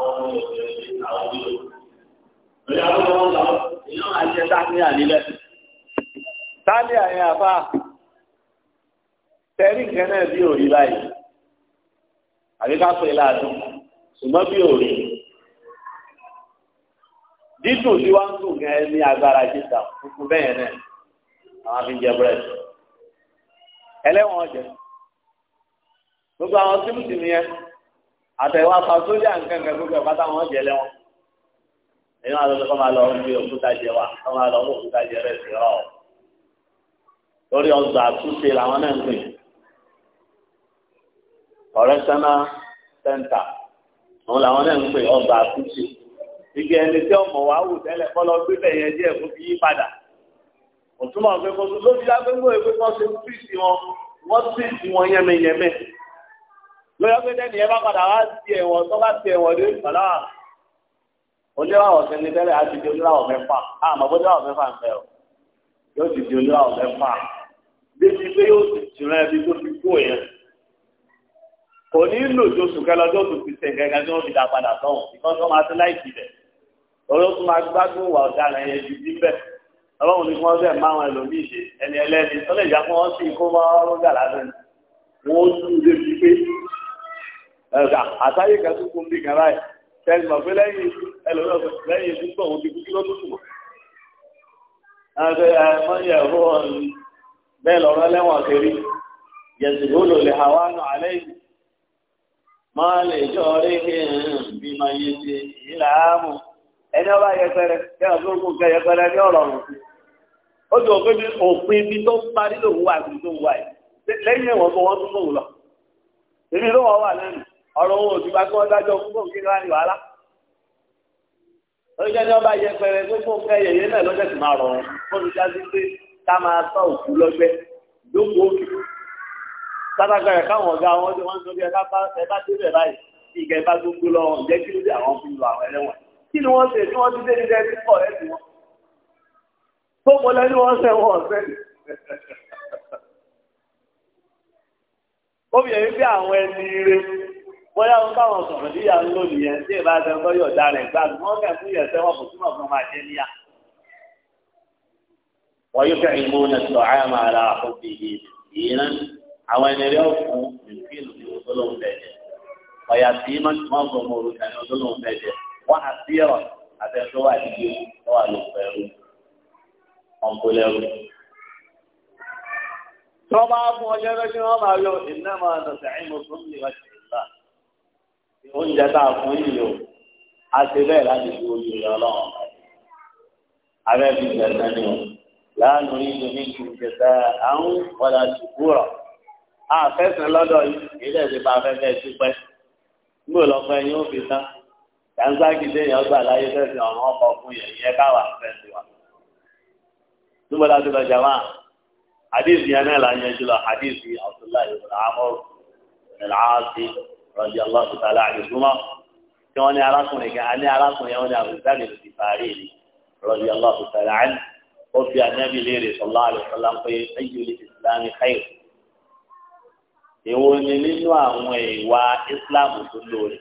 àwọn ọmọ ìgbésẹ̀ àwọn ọmọ ìgbésẹ̀. Ìyá ló ń lọ, ìyá máa jẹ táníà nílẹ̀. Táníà yẹn àfà, tẹ̀rí nǹkan náà bí òrí báyìí. Àbí ká pè láàdùn, ṣùgbọ́n bí òrí. Dídùn tí wá ń dùn gan ẹ ní agbára jíjà fúnfún bẹ́ẹ̀ náà, àwọn afi jẹ búrẹ́dì. Ẹlẹ́wọ̀n ọ̀jẹ̀. Gbogbo àwọn sílùtì nìyẹn àtẹ̀wá pa sójà nǹkan kan gbogbo ẹ̀fọ́ táwọn jẹ lẹ́wọ̀n èyí kọ́ máa lọ gbé òkúta jẹ wa kọ́ máa lọ mú òkúta jẹ rẹ̀ sí ọ́ lórí ọgbà àtúnṣe làwọn náà ń pè ọ̀rẹ́sánná sẹ́ńtà òun làwọn náà ń pè ọgbà àtúnṣe igi ẹni tí ọmọ wa wù tẹ́lẹ̀ kọ́ lọ gbé bẹ̀yẹ díẹ̀ kó fi yí padà òtúmọ̀ pé kó lójú lágbègbè pé kó ṣe fíìsì wọn wọ́n sì ti wọn yẹmẹyẹmẹ lọ́yọ́ pé tẹ́ni ẹ bá padà wá sí ẹ̀wọ̀n tó bá sí ẹ̀wọ̀n lórí ìpàlá oníwàwọ̀ sẹ́ni tẹ́lẹ̀ á ti di oníwàwọ̀ mẹ́fà àmọ́ bó níwàwọ̀ mẹ́fà ń bẹ̀ ọ́ yóò ti di oníwàwọ̀ mẹ́fà débi pé yóò ti jìnnà ẹbí tó fi kú yẹn kò ní lò tó sùn kẹlọ tó tún fi sẹ̀kẹ́ kan tí fi dà padà tán ìkan tó máa ti láìsí bẹ̀ ọ̀rọ̀ máa gbádùn wà ọ̀daràn yẹn ju bí bẹ́ẹ̀ ọlọ́run ní wọ́n fẹ́ máa wọn ẹlòmíì ṣe ẹni ẹlẹ́ni tọ́lẹ̀ ìjà fún wọn sí ikú máa ń gà lásán ni wọ́n tún lè fi pé ẹ̀ka àtàyè kan tó kún kàrá ẹ̀ tẹ́lẹ̀ mọ̀ pé lẹ́yìn ẹlòmíràn lẹ́yìn kú kí ló bẹ́ẹ̀ lọ́rọ́ lẹ́wọ̀n kiri lè nù alẹ́ yìí máa lè jọ bí máa yé ṣe ìlàámù ẹni ọba yẹpẹrẹ kí ọdún kún kẹ yẹpẹrẹ ní ọ̀rọ̀ ọ̀hún ó ti òfin bí òfin ibi tó parí lòun wà sí tó wà yìí lẹ́yìn ẹ̀wọ̀n ọ̀rọ̀ owó òtún bá kí wọ́n dájọ́ fún kí wọ́n ní wàhálà. lórí jẹ́ ní ọba yẹ pẹrẹ pé fún yẹyẹ náà lọ́jọ́ sì máa rọrùn fún mi dájú pé ká máa sọ òkú lọ́gbẹ́ lóko òkú. sátágbà rẹ̀ káwọn ọ̀gá wọn ti wọ́n sọ bí ẹ bá débẹ̀ báyìí kí ìgẹ̀ bá gbogbo lọ ǹjẹ́ kí ló dé àwọn fi lu àwọn ẹlẹ́wọ̀n. kí ni wọ́n ṣe tí wọ́n ti dé nílẹ̀ ẹni pọ̀ ẹ̀sìn wọn. tó mo lẹ́nu wọn ṣe wọn ọ̀sẹ̀. ó fi bí àwọn ẹni ire bóyá wọn káwọn sọ̀rọ̀ níyà ń lò nìyẹn tí ìbá ṣe ń bọ́ yóò dá rẹ̀ gbà wọ́n kẹ́ fún yẹ̀sẹ̀ kò fún níyà. wọ́n yóò ìmú ní òbí àwọn ẹni rẹ̀ fún ní ọ̀yà tí má ti ní oúnjẹ tá a fún yìí o a ṣe bẹ́ẹ̀ láti fi ojú rẹ ọlọ́run fi gbẹ̀sẹ̀ ni o láàánú ní a fẹ́sẹ̀ lọ́dọ̀ yìí ilé bá níbo ó fi tán kàńsákìdé yẹn gbà láyé fẹ́sẹ̀ ọ̀run ọkọ̀ fún yẹn yẹ káwà fẹ́sẹ̀ wa níbo la ti lọ jàmá àdìsí yẹn náà la yẹn jùlọ rọ̀jì aláàbò tààlà àdìsúmọ́ tí wọ́n ní arákùnrin kan ní arákùnrin yẹn wọ́n ní àbùsálì ti fàárì ni rọ̀jì aláàbò tààlà àdì ó fi ànábì léèrè sọlá àlùfọlá pé ẹ̀yọ́ lè ti sàlámì káyọ̀. èwo ni nínú àwọn ìwà islam tó lóore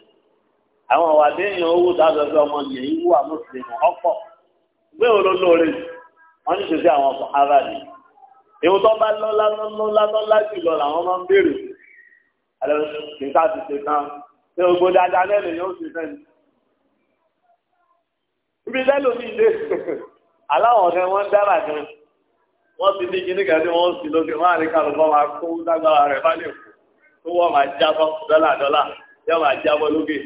àwọn ìwà déèyàn owó dáadọ́ bí ọmọ nìyẹn ìwú àmúṣe ọ̀pọ̀ gbé òró lóore wọ́n ní sèse àwọn ọkọ̀ harvard èwo tó bá lọ́lá lọ́lá lọ́lá jùlọ làwọn máa ń béèrè fún alẹ́ nǹkan ti ṣe tán ṣé gbogbo dáadáa lẹ́nu yóò ṣe fẹ́ ni. ibi lẹ́nu mi dé aláwọ̀ kan wọ́n dára kan wọ́n ti ní kíní kan tí wọ́n sì lókè wọ́n àrí kálù bọ́ máa kó lágbára rẹ̀ bá lè kú wọ́n máa jábọ́ dọ́là dọ́là yóò máa jábọ́ lókè.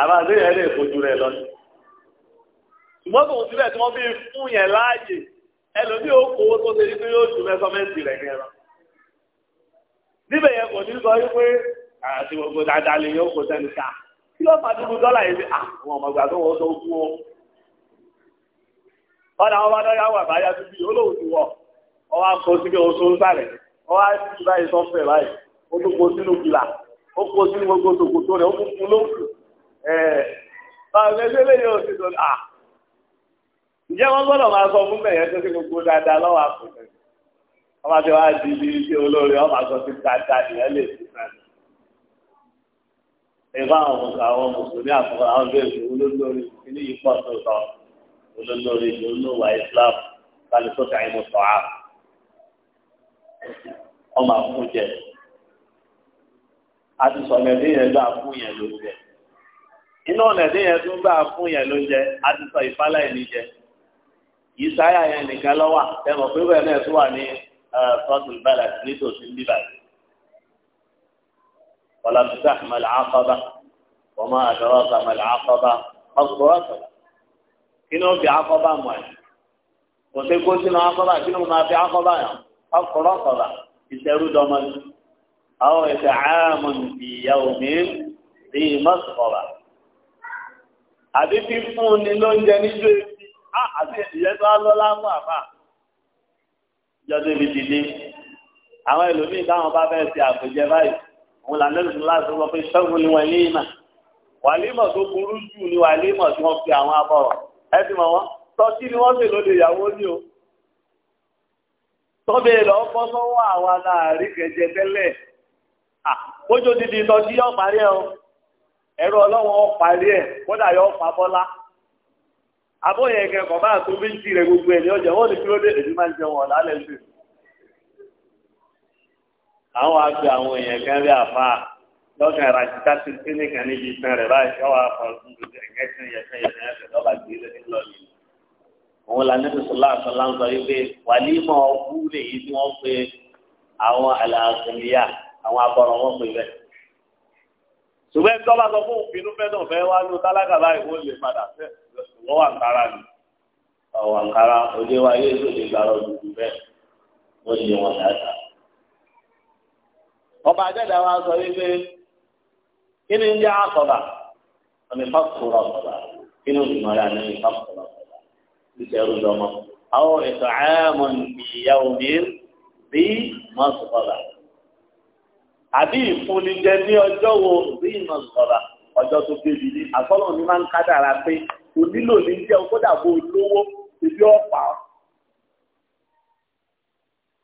àbá àdéhùn ẹ̀ lè fojú rẹ̀ lọ sí ṣùgbọ́n tòun síbẹ̀ tí wọ́n fi fún yẹn láàyè ẹlòmíì ó kó owó tó ṣe ní pé yóò ju mẹ́sọ́mẹ́ǹtì rẹ̀ kẹrọ níbẹ̀ yẹn kò ní sọ wípé àti gbogbo dáadáa lè yóò kó sẹ́ni ká kí ló fà dúró dọ́là yìí sí àwọn ọmọ ìgbà tó wọ́n tó kú ọ. ọ̀nà àwọn ọmọdé yà wà báyà tó bí ti wọ̀ ọ wá kó sí pé o ọ wá sí báyìí sọ́fẹ̀ báyìí ó tó kó sínú fìlà ó kó sínú gbogbo tòkòtò rẹ̀ ó kó fún lóhùn. ọ̀nà ìgbésẹ̀ yóò ti ǹjẹ́ wọ́n gbọ́dọ̀ máa sọ fún ọba tí wàá di ibi tí olórí ọba sọ ti dáadáa nìyẹn lè fi fẹ́. ìbá àwọn mùsùlùmí àwọn mùsùlùmí àkọ́kọ́ àwọn bẹ́ẹ̀ ni olólórí kíní yìí pọ̀ tó sọ olólórí ni olówà Islam kálí tó kà ìmú sọ̀ á. ọmọ àfúnjẹ a ti sọ̀rọ̀ ẹ̀dín yẹn gbà fún yẹn ló jẹ iná ọ̀nà ẹ̀dín yẹn tún gbà fún yẹn ló jẹ a ti sọ ìfálà ẹ̀ níjẹ ìsáyà yẹn nìkan lọ́wà ẹ mọ̀ pé bẹ́ẹ̀ náà tún wà ní sọ́ọ̀tún bẹ́lẹ̀ nítòsí bíbá yìí. wọ́n lọ́ọ́ sá mẹ́lẹ̀ àkọ́bá wọ́n máa dọ́rọ́ sá mẹ́lẹ̀ àkọ́bá ọkùnrin ọ̀sọ̀lá. kí ni ó fi àkọ́bá mọ̀ ẹ́? kò sí kó sínú àkọ́bá kí ni mo máa fi àkọ́bá yàn? ọkùnrin ọ̀sọ̀lá ìṣẹ́rú dọ́mọ ni. àwọn ìṣẹ̀ ààmùn ìyàwó mi rí mọ́sùkọ̀bà. àbí fífún ni lóúnjẹ níjó ibi. àti ìyẹn tó á lọ láwọn àbá jọ́dún ibi ti dé àwọn ẹlòmíì táwọn bá bẹ́ẹ̀ ṣe àpèjẹ báyìí òun là lẹ́nu láti sọ pé sẹ́gun ni wọ́n ní ìmọ̀ wàlímọ̀ tó burú jù ni wàlímọ̀ tí wọ́n fi àwọn abọ́rọ̀ ẹ ti mọ̀ wọ́n tọ́tí ni wọ́n ṣe lóde ìyàwó ní o tọ́bẹ̀ lọ bọ́ sọ́wọ́ àwọn aláàrí kẹjẹ tẹ́lẹ̀ àkójó dídí tọ́jú yọ parí ẹ o ẹ̀rọ ọlọ́wọ́n parí ẹ kódà yọ pa bọ́lá abóyè ẹ̀kẹ́ kọ̀ bá tó méjì rẹ̀ gbogbo ẹ̀ ní ọjà wọ́n ní kílódé èdè máa ń jẹ wọn lálẹ́ sí. àwọn àgbẹ̀ àwọn èèyàn kan rí àfa lọ́kàn ara ti tásí sílé kan níbi ìtàn rẹ̀ báyìí ọwọ́ àfa fún gbogbo ẹ̀kẹ́ tí yẹ̀kẹ́ yẹ̀kẹ́ yẹ̀kẹ́ lọ́ba ti ilé ní lọ́ọ̀lì. òun la níbi sọlá àtọ́lá ń sọ yìí pé wàlímọ̀ ọkú lè yí tí wọ́n pe àwọn àlàáfíà àwọn abọ́rọ̀ wọn pe bẹ́ẹ̀ ṣùgbọ́n tọ́ba sọ fún òfin fẹ́ náà fẹ́ wá ní tálákà báyìí wọ́n lè padà fẹ́ẹ́ wọ́n wà kára ni ọ̀wà kára òde wa yé tó lè gbàrọ̀ dùdú bẹ́ẹ̀ wọ́n lè wọ́n dáadáa. ọba àjẹ́dá wa sọ wípé kí ni ń jẹ́ àkọ́bà àmì fákùrọ̀ ọ̀kọ́bà kí ni òṣùmọ̀ rẹ̀ àmì fákùrọ̀ ọ̀kọ́bà ìṣẹ́rù dọ́mọ́. àwọn ètò ààmù ìyàwó mi bí mọ́sùkọ́bà àbí ìfúnni jẹ ní ọjọ́ wo bí mọ́sùkọ́bà ọjọ́ tó kébi ní àfọlọ́ọ̀ ni máa ń kádàrá pé kò nílò ní jẹ́ o kódà bó lówó ibi ọ̀pá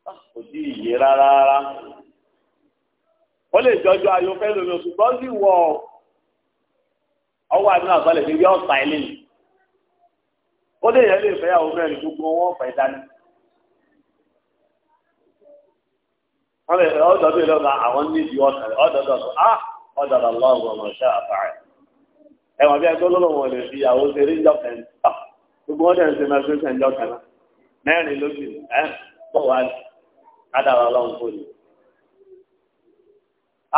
ah, kò sí ìyè rárá rárá ó lè jọjọ ayò fẹ́ lómi ṣùgbọ́n sì wọ ọwọ́ àdúrà níbi ilé yìí ó lè yẹ lè fẹ́yàwó mẹ́rin gbogbo wọ́n lè ìlọ́gà àwọn níbi sọ ah lọ́wọ́ ọmọ ṣáà fàáyà. ẹ̀wọ̀n bí ẹgbẹ́ lọ́lọ́wọ́ lè fi àwọn òṣèré ń jọkàn gbogbo wọn dẹ̀rẹ̀ sí máa fi ṣẹ̀ mẹ́rin lójú ẹ̀ pọ̀ wá ní kádàrà ọlọ́run kò ní.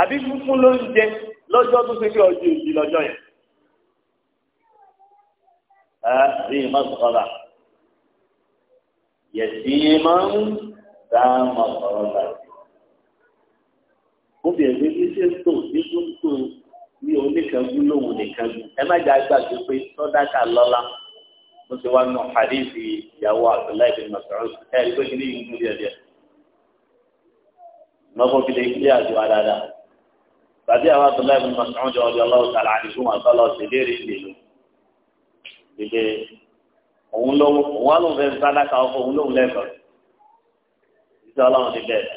àbí fúnfún ló ń jẹ lọ́jọ́ tó ṣe pé ọjọ́ ìjì lọ́jọ́ yẹn. ẹ rí i má sọ̀rọ̀ yẹ̀sí máa ń dá máa sọ̀rọ̀ báyìí. mo bẹ̀rẹ̀ bí ṣe tó ní tó ní oníkẹ́gù lòun nìkẹ́gù ẹ má jẹ́ àgbàdo pé sọ́dáka lọ́la mo ti wá nù hadithi ìyàwó Abdullahi bin Mas'ud ẹ ẹ gbé kiri yìí lórí ẹ̀dẹ̀ mọ́kò kiri kiri àti wà dáadáa bàbí àwọn Abdullahi bin Mas'ud jọ ọdí ọlọ́wọ́ sàlẹ̀ àdìgún àtọ́lọ́ sí léèrè ìlú ìdè òun ló òun wà lóun fẹ́ sọ́dáka ọkọ̀ òun lóun lẹ́kọ̀ọ́ ìṣẹ́ ti bẹ̀rẹ̀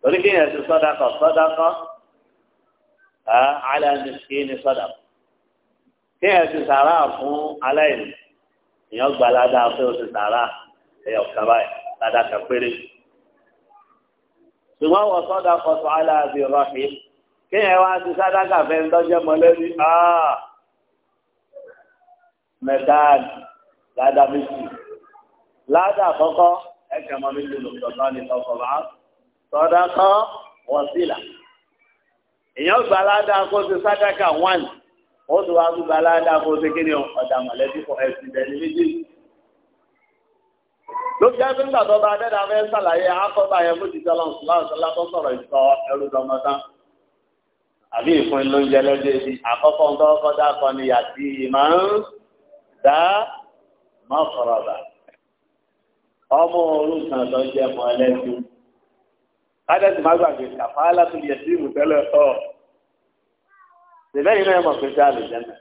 torí kéèyàn ti sọ́dáka sọ́dáka aláàmìsí ní sọ́dà kí ẹ ti sàrà fún aláìní èèyàn gba ládàá pé o ti sàrà ẹ̀yọ̀ kaba ẹ̀ ládàá kan péré ṣùgbọ́n wọ́n sọ́dà kọ́tọ̀ aláàbí rọ́ọ̀hì kí ẹ wá ti sádàkà fẹ́ ń tọ́jọ́ mọ́lẹ́bí ah! mẹ́tàd ládàá méjì ládàá kọ́kọ́ ẹ̀kẹ́ mọ́ méjì lòtọ́tọ́ ní kọ́kọ́ bá sọ́dà kọ́ wọ́sílà èèyàn gba aládàá kó ṣe sádàkà one ó tó wá gba aládàá kó ṣe kí ni ọ̀dà mọ̀lẹ́bí fọ ẹ̀sìn ìdẹ́ni méjì. ló fi ẹgbẹ́ nígbà tó bá dẹ́dà fẹ́ sàlàyé akọ́bà yẹn fún jíjẹ́ lọ́n sùláṣọlá tó sọ̀rọ̀ ìsọ ẹrú dọmọdán àbí ìfún lóúnjẹ lọ́jọ́ ibi àkọ́kọ́ ń tọ́kọ́ dákọ́ ni yàtí ìmọ̀ ń dá mọ́kọ̀rọ̀bà ọmọ orúkàn lọ́jẹ́ mọ́ ẹlẹ́sìn kádẹ́sì má gbàgbé kàfáàlà tó yẹ sí ìmùtẹ́lẹ̀ ọ̀ ṣẹlẹ̀ yìí náà mọ̀ pé ṣe àlè jẹ́nà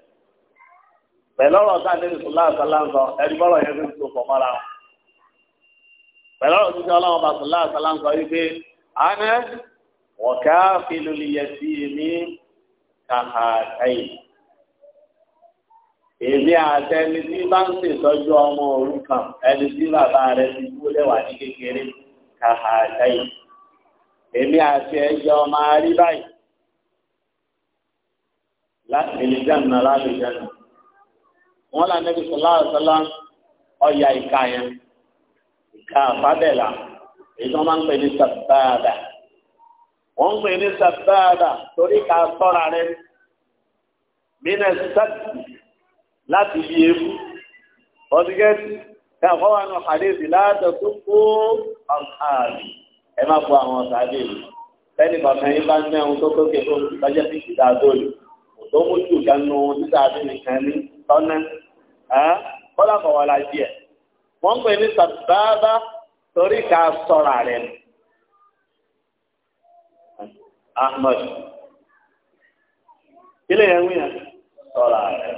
pẹ̀lú ọ̀rọ̀ sáà nínú sọlá àṣàlá ń sọ ẹni bọ́lọ̀ yẹn fi ń so pọ̀ mọ́ra wọn pẹ̀lú ọ̀rọ̀ tó ọlọ́run bá sọlá àṣàlá ń sọ yìí pé àná wọ̀ká fìlú yẹ sí mi kàkàkàyè èmi àti ẹni tí bá ń ṣètọ́jú ọmọ òrukàn ẹni tí bàbá rẹ ti kú lẹ́wà ní kékeré kàkàkàyè èmi àti ẹjọ́ máa rí báyìí láti lè jẹun náà láti jẹun wọn là níbi sọlá ọsọlá ọyà ìka yẹn ìka àfábẹ́là èyí wọn máa ń pè ní sàbáàdà wọn ń pè ní sàbáàdà torí ká sọ́ra rẹ mínísítàtì láti yí ewu ọdún gẹ́tì ká fọwọ́nù àdéhùn láti tó kó ọ̀hún ẹ má fọ àwọn ọ̀sà dé yìí sẹ́ni kọ̀ọ̀kan yín bá ń mẹ́rin tó tókè tó lọ́jọ́ sí ìdá góòlù kò tó mú jù ganu títà bí nìkan ní tọ́nà kọ́lá kọ̀wọ́ la díẹ̀ wọ́n pè ní sàbábá torí ká sọ̀rọ̀ rẹ̀ Ahmed ilé yẹn wíyà sọ̀rọ̀ rẹ̀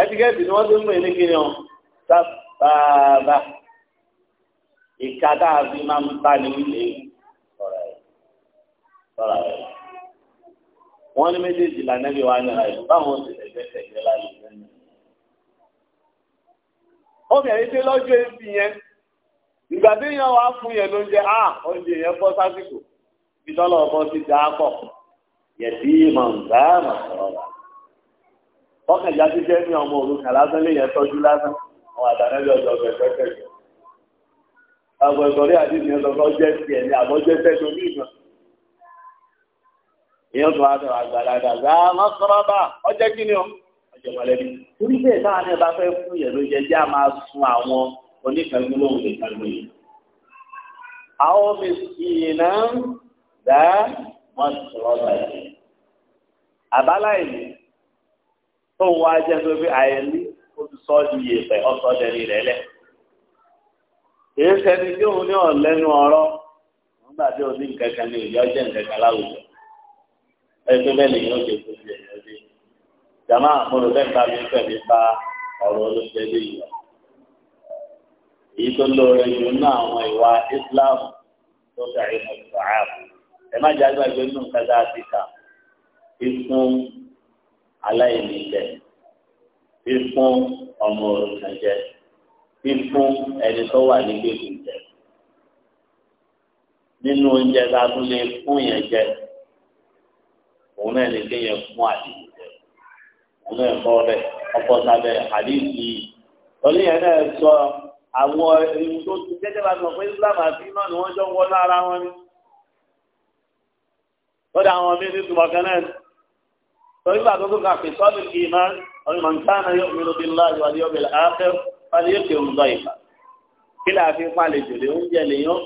ẹtikẹ́tì ni wọ́n ti ń pè ní kíni ọ sàbábá ìka tá a fi máa ń bá ní ilé sọ̀rọ̀ ẹ̀ sọ̀rọ̀ ẹ̀ wọ́n ní méjèèjì lànà bí wàá nira ẹ̀ báwọn ti tẹ̀gbẹ́tẹ̀gbẹ́ láyé lẹ́nu. obìnrin tí lọ́jọ́ ebi yẹn ìgbà tí yẹn wàá fún yẹn lóúnjẹ á oúnjẹ yẹn bọ́ sásìkò ìdọ́lọ̀ ọ̀bọ ti dà á pọ̀ yẹ̀dí màǹgá màṣọ̀rọ̀ wa. bọ́kànjá ti jẹ́ ní ọmọ òrukàn lásán agbẹ̀sọ̀rí àdìsí yẹn lọ́kọ́ jẹ́ tiẹ̀ ní àbọ̀jẹ́ tẹ́tọ́ ní ìgbà. ìyẹn tó wá sọ̀rọ̀ àgbàlagbà gbà má sọ̀rọ̀ bá kí ni o. ọjọ́ mọ̀lẹ́bí torí bẹ́ẹ̀ táwọn ẹ̀ bá fẹ́ fún yẹn ló yẹ jẹ́ a máa sun àwọn oníkàgbọ́n lóhùn nìkanú yìí. àwọn mi sì iná dá má sọ̀rọ̀ bá yẹn. kìí ṣẹni tí òun ní ọ̀lẹ́nu ọ̀rọ̀ nígbà tí òun ní nǹkankan ní ìyá ọjọ́ nǹkankan láwùjọ ẹgbẹ́ bẹ́ẹ̀ nìyẹn ó ṣe fún ìyẹn ó jàmá bẹ́ẹ̀ bá mi pẹ̀lú bá ọ̀rọ̀ olóṣèlú èyí tó ní àwọn ìwà Islam tó ẹ má jẹ́ àgbàgbé fífún aláìníjẹ fífún fífún ẹni tó wà ní gbèsè jẹ nínú oúnjẹ tá a tún lè fún yẹn jẹ òun náà lè kéèyàn fún àdìgbò jẹ òun náà kọ rẹ ọkọ sábẹ́ àdìgbì lọlé yẹn náà sọ àwọn ẹni tó ti jẹ́jẹ́ bá sọ pé Islam àti iná ni wọ́n jọ ń wọlé ara wọn ni lọ́dọ̀ àwọn míín ní tùmọ̀ kan náà torí bàtọ́ tó kà fi sọ́ọ̀lù kì í máa ọ̀rùn mọ̀ntánà yóò mi lóbi ńlá ìwádìí ọ̀bẹ̀lẹ̀ áfẹ́ wọn yóò fi ń lọ ìfà kí láà fi pàlejò lé oúnjẹ lèyàn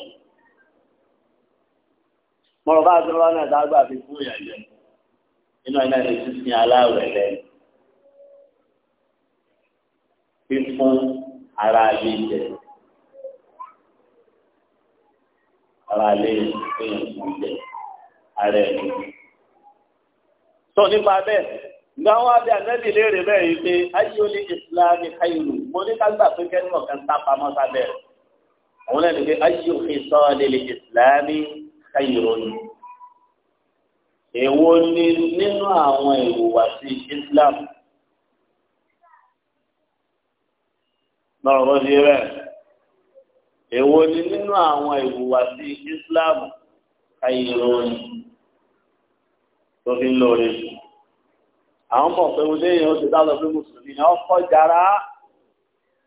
mọ̀rọ̀ bá aṣọ lọ́nà dágbà fi fún ìyàjẹ́ nínú ẹ̀dá ìlú sísìn aláwẹ̀ rẹ̀ fífún ara ayé jẹ ara lé èèyàn fún jẹ ara ẹ̀ tó nípa bẹ́ẹ̀ gbàwọn abẹ anabi léèrè bẹ́ẹ̀ yìí pé ayọlẹ islami ayọlẹ mo ní ká gbà pé kẹrin mọ kan tápá mọ sábẹ rẹ àwọn náà ní pé ayọlẹ sọọlẹ islami ayọlẹ ni èwo ni nínú àwọn ìhùwàsí islam náà wọ́n ti èwo ni nínú àwọn ìhùwàsí islam ayọlẹ ni tó fi ń lọ rẹ sùn àwọn mọ̀ pé wọlé yẹn ó ti dá lọ pé mùsùlùmí ni ọkọ̀ jara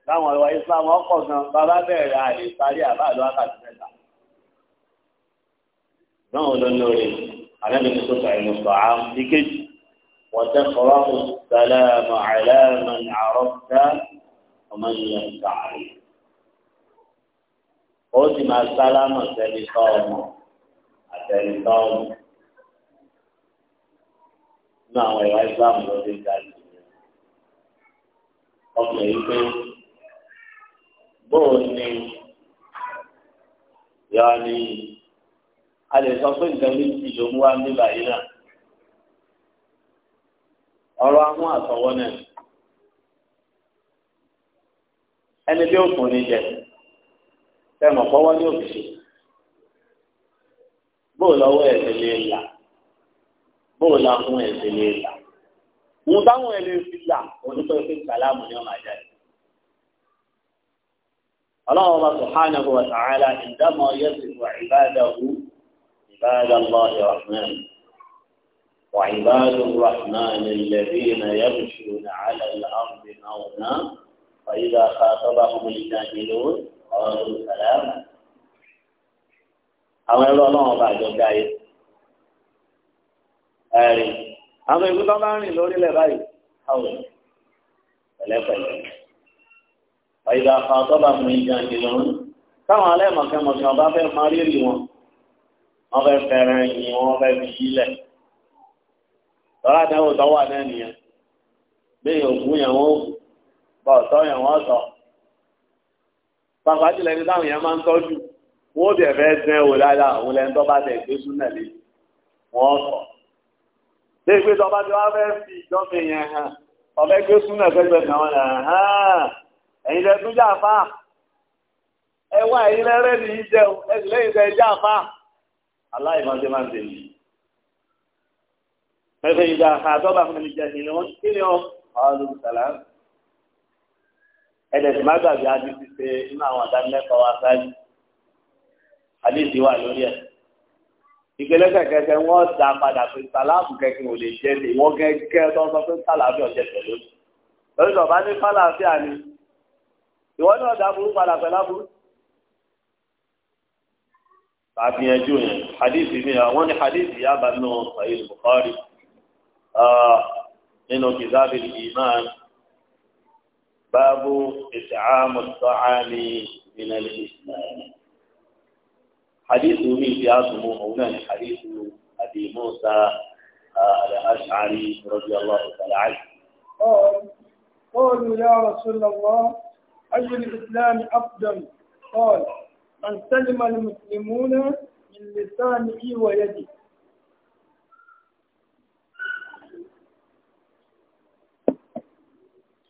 láwọn ìwà islam ọkọ̀ gan bàbá bẹ̀rẹ̀ àlè parí àbá àlọ́ àkàtì mẹ́ta náà ó lọ lórí àlẹ́bí tó sọ̀rọ̀ ìlú sọ̀rọ̀ àwọn ìkejì wọ́n tẹ́ kọ́rọ́ sàlámù àlẹ́mù àrọ́fẹ́ ọmọ ìyẹn sàárì ó sì máa sálámù sẹ́ni ọmọ àtẹ̀lẹ́tọ́ ọmọ nínú àwọn ìwà ìsìlámù lọ sí ìjà ìlú ọkùnrin yìí pé bóun ni yàrá ni a lè sọ pé nǹkan méjì ló mú wá nígbà yìí náà ọ̀rọ̀ àwọn àtọwọ́ náà ẹni bí òkun ní jẹ tẹmọ fọwọ́ ní òkè bóun lọ́wọ́ ẹ̀ lè là bóò la fún ẹsẹ̀ lè là òun táwọn ẹ lè fi là onípẹ́ pé sàlámù ni wọ́n máa jáde. ọlọ́run ọba subhanahu wa ta'ala ìdámọ̀ yẹ́sìnkú ìbáàdàwù ìbáàdàlọ́ ìrọ̀hún وعباد الرحمن الذين يمشون على الأرض مونا فإذا خاطبهم الجاهلون قالوا سلاما. أولا الله بعد ذلك ẹ̀rí àwọn ìlú tó bá ń rìn lórílẹ̀ báyìí káwọn pẹ̀lẹ́pẹ̀lẹ́ ọ̀yìnbá kan tó bá mú ìjà ní lọ́rùn táwọn alẹ́mọ̀kẹ́mọ̀kẹ́ ọba fẹ́ máa rírì wọn wọ́n fẹ́ fẹ́ràn yìí wọ́n fẹ́ fi sílẹ̀ tọ́lá dáwọ́ tó wà náà nìyẹn bí òkú yẹn wọ́n bọ̀ ọ̀tọ́ yẹn wọ́n sọ pàápàá jùlọ ẹni táwọn yẹn máa ń tọ́jú wọ́n ó dẹ̀ fẹ́ dẹ́ dáadáa òun lẹ́ni bá tẹ̀ gbé súnà lé wọ́n sọ. Dégbé tọba tí wá fẹ́ fi ìjọ́sìn yẹn hàn, ọ̀fẹ́ gbé súnà fẹ́gbẹ̀ kan wọn hàn án. Ẹ̀yin lẹ tún jàfà. Ẹ wá ẹ̀yin lẹ́rẹ́ ní í jẹun, ẹ sì lẹ́yìn tẹ jàfà. Aláìmọ̀ ṣe máa ń tẹ̀lé. Fẹ́fẹ́ ìjà àtọ́bà fún mi jẹ́ ìlú wọn kí ni ọ? Ọlọ́run sàlá. Ẹ̀dẹ̀ má gbàgbé adé ti ṣe inú àwọn àdánilẹ́kọ̀ọ́ wa sáájú. Adé ti wà lórí ẹ̀ ìgbẹ́lẹ́sẹ̀ kẹsẹ̀ wọ́n da padà pé sàlámù kẹkẹ ò lè jẹ́ ní wọ́n gẹ́gẹ́ tó ń sọ pé sàlámù ọ̀jẹ̀ pẹ̀lú lórí lọ́ba ní fàlàáfíà ni ìwọ́n ní ọ̀dà burú padà pẹ̀láburú. àfihànjú yẹn hadith mi àwọn ní hadith yà bá nù sahih bukhari nínú kìtàbí iman báàbù ìtààmù sọ́hánì nínú ìsìlámù. حديث من في عاصمه هنا يعني حديث أبي موسى آه، الأشعري رضي الله تعالى عنه قالوا يا رسول الله أي الإسلام أقدم قال أن سلم المسلمون من لسانه ويده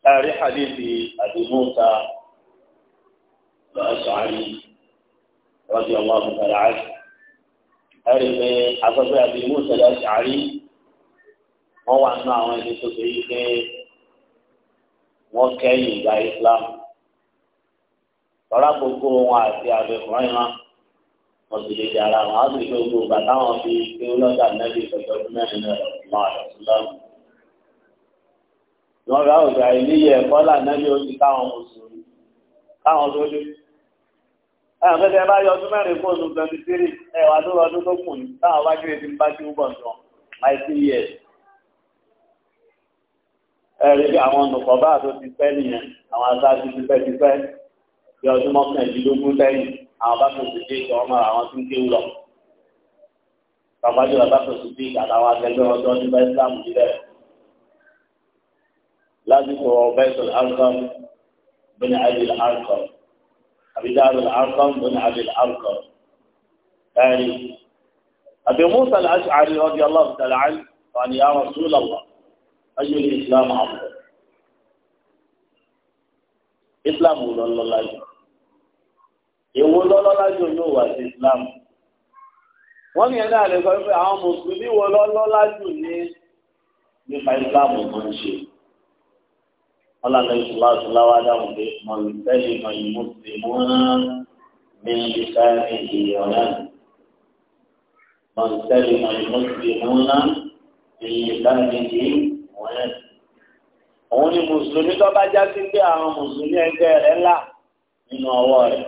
أري حديث أبي موسى الأشعري rọ́bì ọmọ ọ̀gbọ̀n ràásì ẹ̀rí pé asọ́pẹ́ àti ìmú ìṣẹ̀lẹ̀ ṣàárí wọ́n wà nínú àwọn ẹni tó ṣe yí pé wọ́n kẹ́yìn ìgbà Islam tọ́lá gbogbo wọn àti àbẹ̀kùnrin náà wọ́n ti lè di ara wọn á sì fi gbogbo ìgbà táwọn fi pé ó lọ́dà nẹ́bí ìtọ́jú ọdún mẹ́rin náà lọ́wọ́ àdàsílámù wọn rà ọ̀gá ilé yẹ kọ́là nẹ́bí ó ti káwọn mùsùlùmí káwọn tó dé àgbẹ̀dẹ̀ bá yọ ọdún mẹ́rin fóònù twenty three ẹ̀wà tó lọ ọdún tó kù ní táwọn bá kéré ti ń bá tí ó bọ̀ nǹkan ninety years. ẹ̀rí bí àwọn ọ̀nùkọ̀ bá tó ti pẹ́ nìyẹn àwọn aṣáájú ti pẹ́ ti pẹ́ bí ọdún mọ́kànlélógún lẹ́yìn àwọn bá tó ti dé ìjọ ọmọ àwọn tí ń kéwù lọ. bàbájọ́ bá tó ti dé àtàwọn akẹgbẹ́ ọjọ́ ní bá islam nílẹ̀ lásìkò ọ̀bẹ́sọ̀ àbí dáàbò àrùkọ́m bọ́n àbí àrùkọ́m. ẹ̀rí àbí musa al-ash'ari rọ́bì aláwọ̀ tàlà án wà ní àwọn sùlọ̀wà ayé ní islam àbọ̀. islam wò lọ́lọ́lá jù èwo lọ́lọ́lá jù yóò wà sí islam. wọ́n ní ẹ̀dá àlẹ́ sọ pé àwọn mùsùlùmí wò lọ́lọ́lá jù ní nípa islam tó ń ṣe ọlọ́lá ìṣúlá ìṣúlá wa dáhùn pé mọ̀lùfẹ́lì mọ̀lùmùsùlùmù ní ìṣá ìdí ọ̀la mọ̀lùfẹ́lì mọ̀lùmùsùlùmù ní ìṣá ìdí ọ̀la. òun ni mùsùlùmí tó bá já sí pé àwọn mùsùlùmí ẹgbẹ́ rẹ̀ ńlá nínú ọwọ́ rẹ̀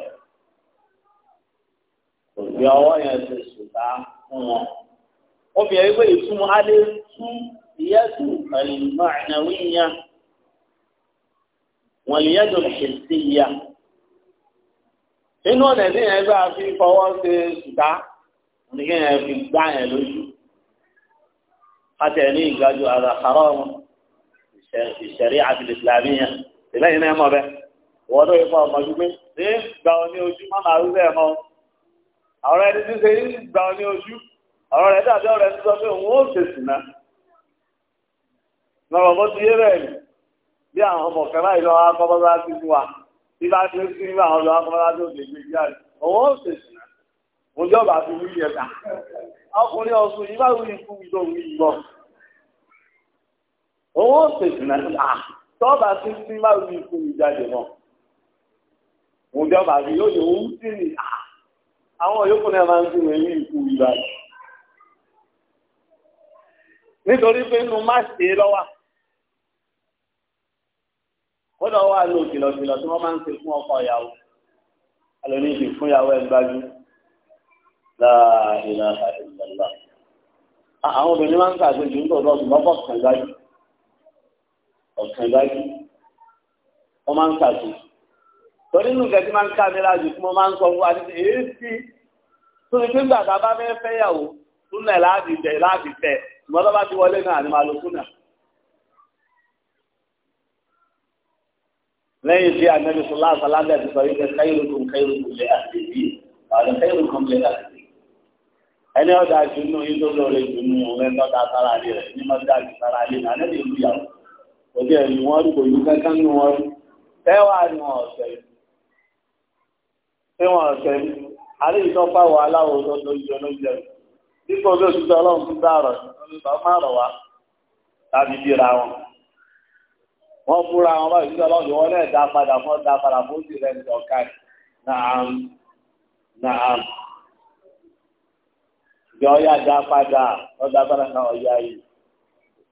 òbí ọwọ́ yẹn ti ṣùtá fún wọn. obìnrin pé ìtumọ̀ adé tún ìyẹ́sùn ẹ̀lùmọ́ àìnáwó yẹn wọ̀nyíyájọ ṣèṣì yá inú ọ̀nà ní yẹn bá fi fọwọ́ ṣe ṣùgbá ní kí yẹn fi gbá yẹn lójú àtẹ̀ ní ìgbàjọ àràkàrọ̀ ìṣẹ̀rí àti ìsìlámíyà ìlẹ́yìn náà mọ̀ bẹ́ẹ̀ wọ́n tó ipa ọmọ gbígbé ní gbà ọ ní ojú má máa rúbẹ̀ mọ́ ọ̀rọ̀ ẹni tí ṣe ní gbà ọ ní ojú ọ̀rọ̀ rẹ̀ dàbí ọ̀rọ̀ ẹni sọ pé òun ó ṣèṣì náà lọ́wọ́ bó ti yé bẹ́ẹ̀ bí àwọn ọmọ kan láì lọ akọ́bọ́lá sí wa bí bá ti sí ní àwọn lọ akọ́bọ́lá tó lè gbé jáde òun ó sì sùn mo jọ bá fi wí ẹ̀dá ọkùnrin ọ̀sùn yìí bá wí ikú ìjọ wí ìgbọ́ òun ó sì sùn náà tọ́ba sí sí bá wí ikú ìjáde náà mo jọ bá fi yóò òun sí ni àwọn yòókù náà máa ń sìn wọ́n ní ikú ìjáde nítorí pé inú má ṣe lọ́wọ́ kódà wà ní òkìlọ̀kìlọ̀ tí wọ́n máa ń ṣe fún ọkọ ìyàwó alóní ìdí fún ìyàwó ẹ̀ gbájú láàrin àìsàlá àwọn obìnrin máa ń ṣàgbéjì ń tọ̀dọ̀ ṣùgbọ́n pọ̀ kàn gbájú ọ̀kàn gbájú wọ́n máa ń ṣàgbéjì torí nù kẹ́kí máa ń ká mi láàjù tí wọ́n máa ń sọ fún adídé èyí sí tó ní pé gbàgbà bá fẹ́ fẹ́yàwó súnà láàbì tẹ̀ láàbì tẹ̀ ṣùgbọ́n bá ti wọlé náà ni máa lo súnà lẹ́yìn tí anabi sọlá àsàlámẹ ti sọ wípé káyọrùkùn káyọrùkùn lè àtẹbí àwọn káyọrùkùn lè àtẹbí ẹni ọdọ àjùnú yìí tó lọ rẹ jùnú rẹ lọdà sára lé rẹ ní mọdà jù sára lé náà lẹbi ìlú yàwó kò tí ẹni wọn rí kò yí kankan ní wọn rí ni wọn ọsẹ yìí wọn ọsẹ yìí àrí ìtọpa wà láwọ tó ọ fúnra wọn na sísọ lọ́dún wọn náà dá padà fún dá padà fún sí rẹ̀ Na ọ̀ka rẹ̀ naam naam bí ọ̀ya dá padà ọ̀dá padà náà ọ̀ya yìí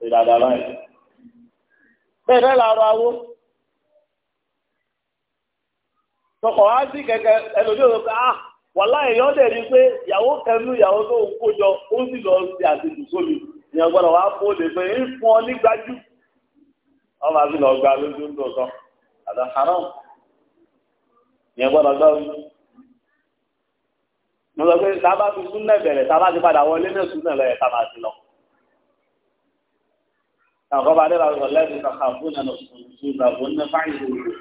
ìdàdà báyìí. bẹ́ẹ̀ náà làárọ̀ awó wá sí ẹlòmíì ah, èèyàn dẹ̀ ni pé ìyàwó kẹnu ìyàwó tó ń kó jọ ó sì lọ sí wá fóde pé ń fún ọ wọn máa fi lọ gba lójú ń dòótọ́ àlọ haram yẹn gbọ́dọ̀ gbọ́ wí. mo sọ pé tá a bá fi súnà bẹ̀rẹ̀ tá a bá ti padà wọlé náà súnà lọ yẹ ká máa ti lọ. àwọn kọ́ba adé làwọn ọ̀lẹ́ mi kàkà fún ẹnu sùn ìgbàgbọ́n náà fáyìn lòlù.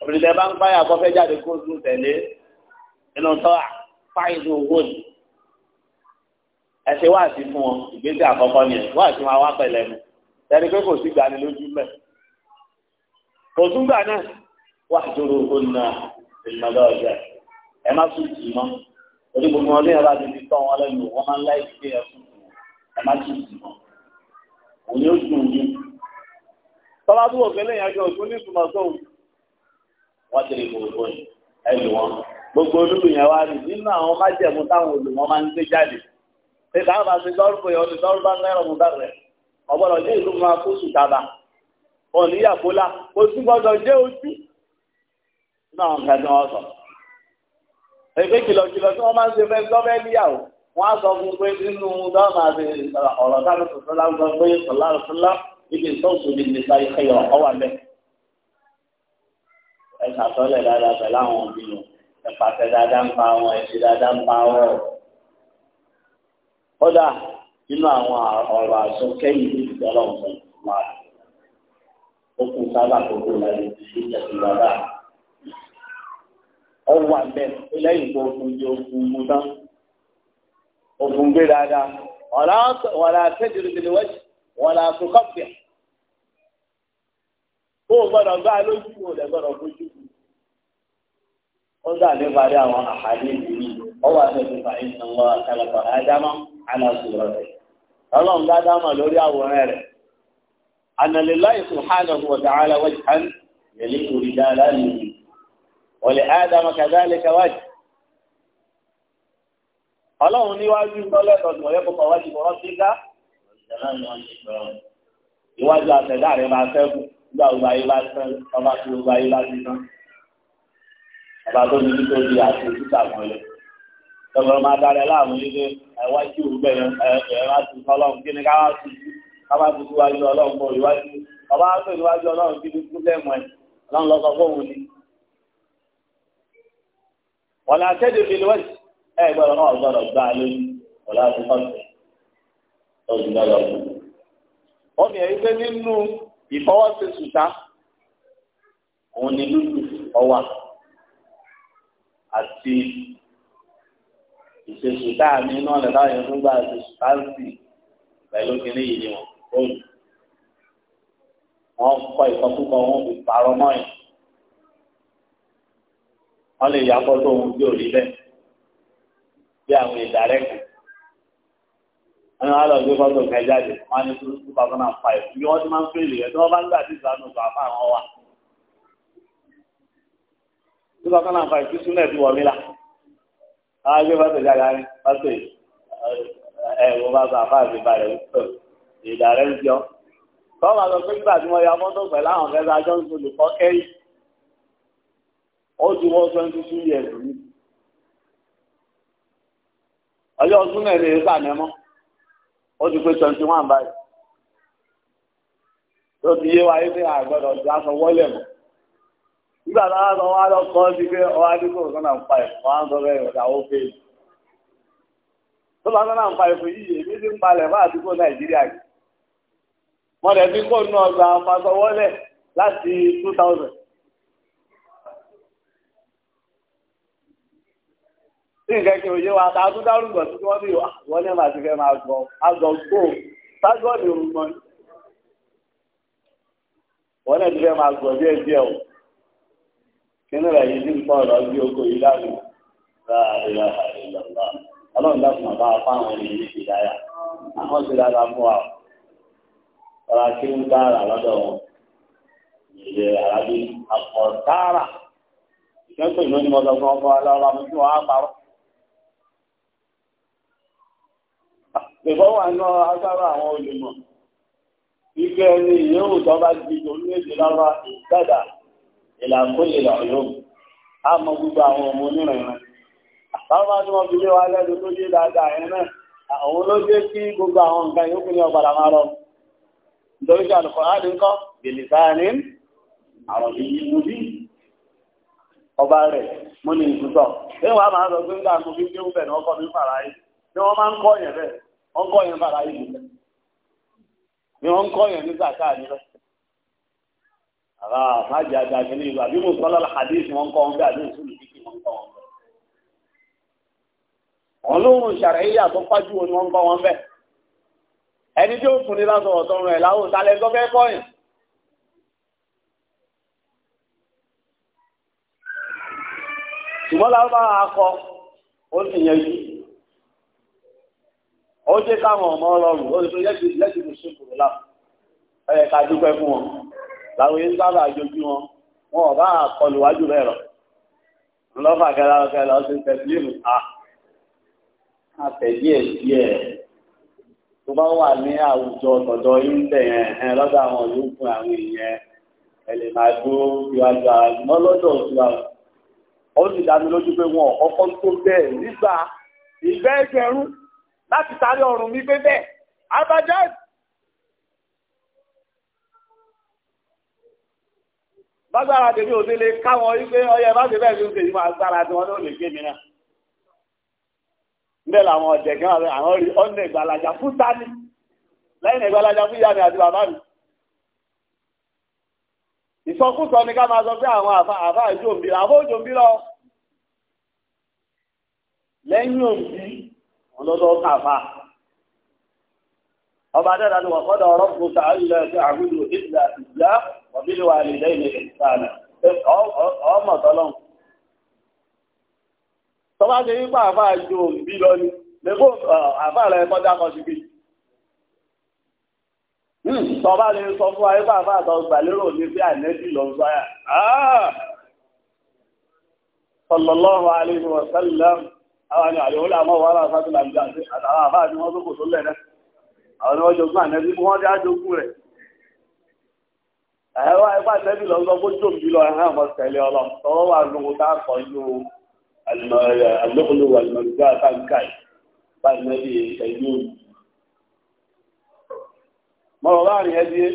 obìnrin tẹ bá ń báyà kọ́fẹ́ jáde kó sùn tẹ̀lé inú tọ́wà fáyìn lòwò ni. ẹ ṣe wáàsí fún wọn ìgbésẹ̀ àkọ́kọ́ ni ẹ wáàsí wọn awá pẹ̀lẹ́ mi tẹ́lifẹ́ kò tún gbà náà wà jòrò ònà ìmọ̀lẹ́ ọ̀jà ẹ má tún jì mọ́ orí gbogbo ọdún yàrá ti fi tọ́ wọn lẹ́nu wọn máa ń láì sí ẹ̀sùn ẹ má tún jì mọ́ òní ó dùn yín tọ́lá tó wọ̀ fẹ́lẹ́ yẹn jọ òtún ní ìtumọ̀ sóhun wọ́n ti rí gbogbo ẹ̀ lù wọn gbogbo olùyẹn wa rí nínú àwọn májẹ̀mú táwọn olùmọ̀ máa ń gbé ti dọ́rùbọ̀ yẹn ọdún dọ́rùbá náírà mú bá rẹ̀ ní ìlú máa kó sùtàbà ọ̀nì yàkólá oṣù gbọ́dọ̀ jẹ́ ojú náà ń kẹ́tọ́ ẹgbẹ́ kìlọ̀kìlọ̀ tí wọ́n máa ń ṣe fẹ́ gọ́fẹ́ níyàwó wọ́n á sọ fún pé nínú dọ́ọ̀mà àti ọ̀rọ̀ táwọn tuntun láwùjọ pé sọ̀lá ibi ìtọ́sù ni nìta ìkẹyọ̀ ọ̀wà bẹ́ẹ̀. ẹ dáadáa pẹ̀lú àwọn òbí wọn dáadáa ń pa wọn ẹ dáadáa ń pa wọn. kódà nínú àwọn ọ̀rọ̀ àṣọ kẹ́yìn ìdílé ọlọ́run ó kún sábà gbogbo láyé sí ìjàdùbàdà ọ wà bẹ́ẹ̀ lẹ́yìn tó fún tán gbé dáadáa wàlá wàlá tó gbọ́dọ̀ gbá lójú gbọ́dọ̀ fojú ó àwọn àhàdé ìlú sanwó Ọlọ́run lórí àwòrán rẹ̀. أن لله سبحانه وتعالى وجها يليق بدلاله ولآدم كذلك وجه ọlọ́run níwájú tọ́lẹ́tọ̀ tí wọ́n yẹ kó pa wájú bọ́rọ́ sí ká ìwájú àtẹ̀dá rẹ̀ máa sẹ́kù nígbà gbogbo ayé bá sẹ́ ọba tí gbogbo ayé bá ti tán ọba tó ní nítorí àti òkúta kan lẹ tọ́gbọ́n máa darẹ̀ láàmú yìí ẹ̀wájú ògbẹ́ ẹ̀ ẹ̀ wá sí tọ́lọ́run kí ni ká wá sí i káwá dúdú wájú ọlọ́run bọ̀ ìwájú ọba tó ìwájú ọlọ́run ti dúdú lẹ́mọ̀ ẹ̀ ọlọ́run lọ sọ fóun ni. ọ̀là àtẹ́jọ́ fi lọ́ọ̀sì ẹ gbọ́dọ̀ náà gbọ́dọ̀ gbá a lóyún ọ̀là àtúntò ọ̀sìn lọ́dọ̀ ọ̀mì ẹ̀rí pé nínú ìfọwọ́sí sùtá òun ni lùlù ọwà àti ìṣesùtá mi náà lẹ́láyìn nígbà ìṣesùtá sí pẹ̀lú kínní yìí ni wọn lóyún wọn kọ ìsọkúkọ wọn fi parọ́ mọ́ ẹ wọn lè yàgbọ́ tó ohun tí ò rí bẹ́ẹ̀ bí àwọn ìdàrẹ́kù ẹnu alọ gbé fọtò kan jáde wọn ní two thousand and five bí wọn ti máa ń fèlè ẹ tí wọn bá ń gbà sí ìsànù ọgbà fún àwọn wa two thousand and five tún súnlẹ̀ fi wọlé la wọn á gbé fọtò jáde wọn ní ẹ wọn bá sọ àfáàfin balẹ̀ wọn ìdà rẹ̀ ń jọ. Tọ́lá lọ pé nígbà tí wọ́n ya mọ́tò pẹ̀lú àwọn ọ̀gẹ́gẹ́ ajọ́ ń olùkọ́ kẹ́yìn. Ó ju wọ́n twenty two years ní. Ọjọ́ ọdún náà lè gbà nẹ́mọ́. Ó ti pé twenty one báyìí. Tó ti yé wáyé pé àgbọ̀dọ̀ ti aṣọ wọlé mọ́. Nígbà táwọn ọmọ wa lọ kọ́ sí pé ọwọ́ adúgbò kan náà ń pa ẹ̀fọ́ wá ń sọ bẹ́ẹ̀ ọ̀dà ó fèèrè tó bá sọ́nà ń fa ìfò yìí èmi ti ń palẹ̀ fún àdúgbò nàìjíríà yìí wọ́n dẹ̀ fi kóònù ọgbà fasọwọ́lẹ̀ láti two thousand. tí nǹkan kí òye wa ta tún dárú gbọ̀n tí wọ́n bí wọ́n ní màá ti fẹ́ máa gbọ́ agbọ̀ gbòó ságọ́ọ̀dì òrùngbọ̀n wọ́n náà ti fẹ́ máa gbọ̀ díẹ̀ díẹ̀ o kínú rẹ̀ yìí ti ń pọ̀ lọ bí oko yìí lánàá láàrin àárín ọlọ́run dákùn àbá fáwọn ènìyàn ìdáyà àwọn ti dára fún wa o. ọ̀rọ̀ akéwù dára lọ́dọ̀ wọn ìyè àràbí àpọ̀ dára ìkẹ́kọ̀ọ́ ìlú ni mo lọ fún ọkọ aláwọ̀ tí wọ́n á parọ́. wà ní agbára àwọn olùmọ̀. Ike ẹni ìyẹ́wò tó bá di orílẹ̀-èdè lára ìgbàdà A mọ gbogbo àwọn ọmọ onírìnrìn. Báwo bá tí fi lé wa lẹ́nu tó dé dáadáa yẹn náà? Àwọn ló dé gbogbo àwọn nǹkan yòókù ní ọ̀padà nítorí pé Al-Qur'an ńkọ́ bilisanin arabiyyin mubin ọba rẹ̀ mo ní ìtútọ̀ ṣé wàá máa sọ pé nígbà tó fi dé bẹ̀ ní ọkọ̀ mi fara yìí ni wọ́n máa ń kọ́ yẹn bẹ́ẹ̀ wọ́n kọ́ yẹn fara yìí nìyẹn ni wọ́n ń kọ́ yẹn ní sàkà nílẹ̀ àrà májì àjàgbé ní ìlú àbí mo sọ́lá hadith wọn kọ́ wọn bẹ́ẹ̀ àbí ìṣúlù kíkì wọn kọ́ wọn bẹ́ẹ̀ wọn ṣàrẹ́yà tó pàjù wọn ni wọ́n kọ́ wọn bẹ́ẹ̀ ẹni tí ó fún ní lásán ọ̀tọ̀run ẹ̀ láwọ̀ sálẹ̀ tó fẹ́ kọ́ yẹn. ṣùgbọ́n lábá akọ ó sì yẹn yìí ó jẹ́ káwọn ọmọ ọlọ́run ó sì lẹ́sì lẹ́sì kò ṣùkùrù lá ẹ̀ ká dúpẹ́ fún wọn làwọn yẹn sábà jojú wọn wọn ò bá àkọlù wájú bẹ́ẹ̀ rọ̀ ńlọ́fà kẹlẹ́ ọ̀kẹlẹ́ ọ̀sìn tẹ̀sílẹ̀ ah, mù tó bá wà ní àwùjọ tọ̀dọ̀ yín bẹ̀ yẹn lọ́dọ̀ àwọn yòókù àwọn èèyàn ẹ lè máa dúró ìwájú ara mọ́ lọ́dọ̀ ìwà ó sì dá mi lójú pé wọn ọkọ tó bẹ́ẹ̀ nígbà ìgbẹ́ ẹgbẹ̀rún láti tarí ọrùn mi pé bẹ́ẹ̀ abajad bágbára tèmi ò sí lè káwọn wípé ọyẹ bá ti bẹ́ẹ̀ ló ń tèmi máa gbára tí wọn ló lè gbé mi náà bẹ́ẹ̀ làwọn ọ̀jẹ̀ kan àwọn àwọn rí ọ̀nà ìgbàlajà fún tani lẹ́yìn ìgbàlajà fún ìyá mi àti bàbá mi. ìsọkúsọ ni ká máa sọ pé àwọn àfa àjò òbí lọ àfọ òjò òbí lọ. lẹ́yìn òbí wọn lọ́dọ̀ ọba dẹ́ta ni wọ́n kọ́dọ̀ ọ̀rọ̀ fún sàálẹ̀ sí àmúlò ìlà ìjà ọ̀bílẹ̀ wà lè lẹ́yìn ìsàlẹ̀ ọmọ tọ́lọ́hùn tọ́ba ṣe yí pa àfa ju òǹbí lọ ni lẹ́kọ́ àfa rẹ̀ kọjá kan síbi. Hmm, tọ́ba lè sọ fún wa yí pa àfa àtọ̀ gbàlérò ní bí ànẹ́bí lọ sọ yà. Ah! sallallahu alaihi wa sallam àwọn ni àlè wọlé àmọ́ wàhálà fásitì làǹdà àtàwọn àfa àti wọn tó kò tó lẹ̀ náà àwọn ni wọ́n jogún ànẹ́bí wọ́n dé àjogún rẹ̀ ẹ̀rọ ẹgbẹ́ àtẹ́bí lọ sọ fún jòmí lọ ẹ̀hán ọmọ tẹ̀lé ọlọ́ alọ́kùnrin wà lọ́gbà táǹkà yìí báyìí náà lè ẹ̀yìn òbí. mo rọ láàrin ẹ díẹ̀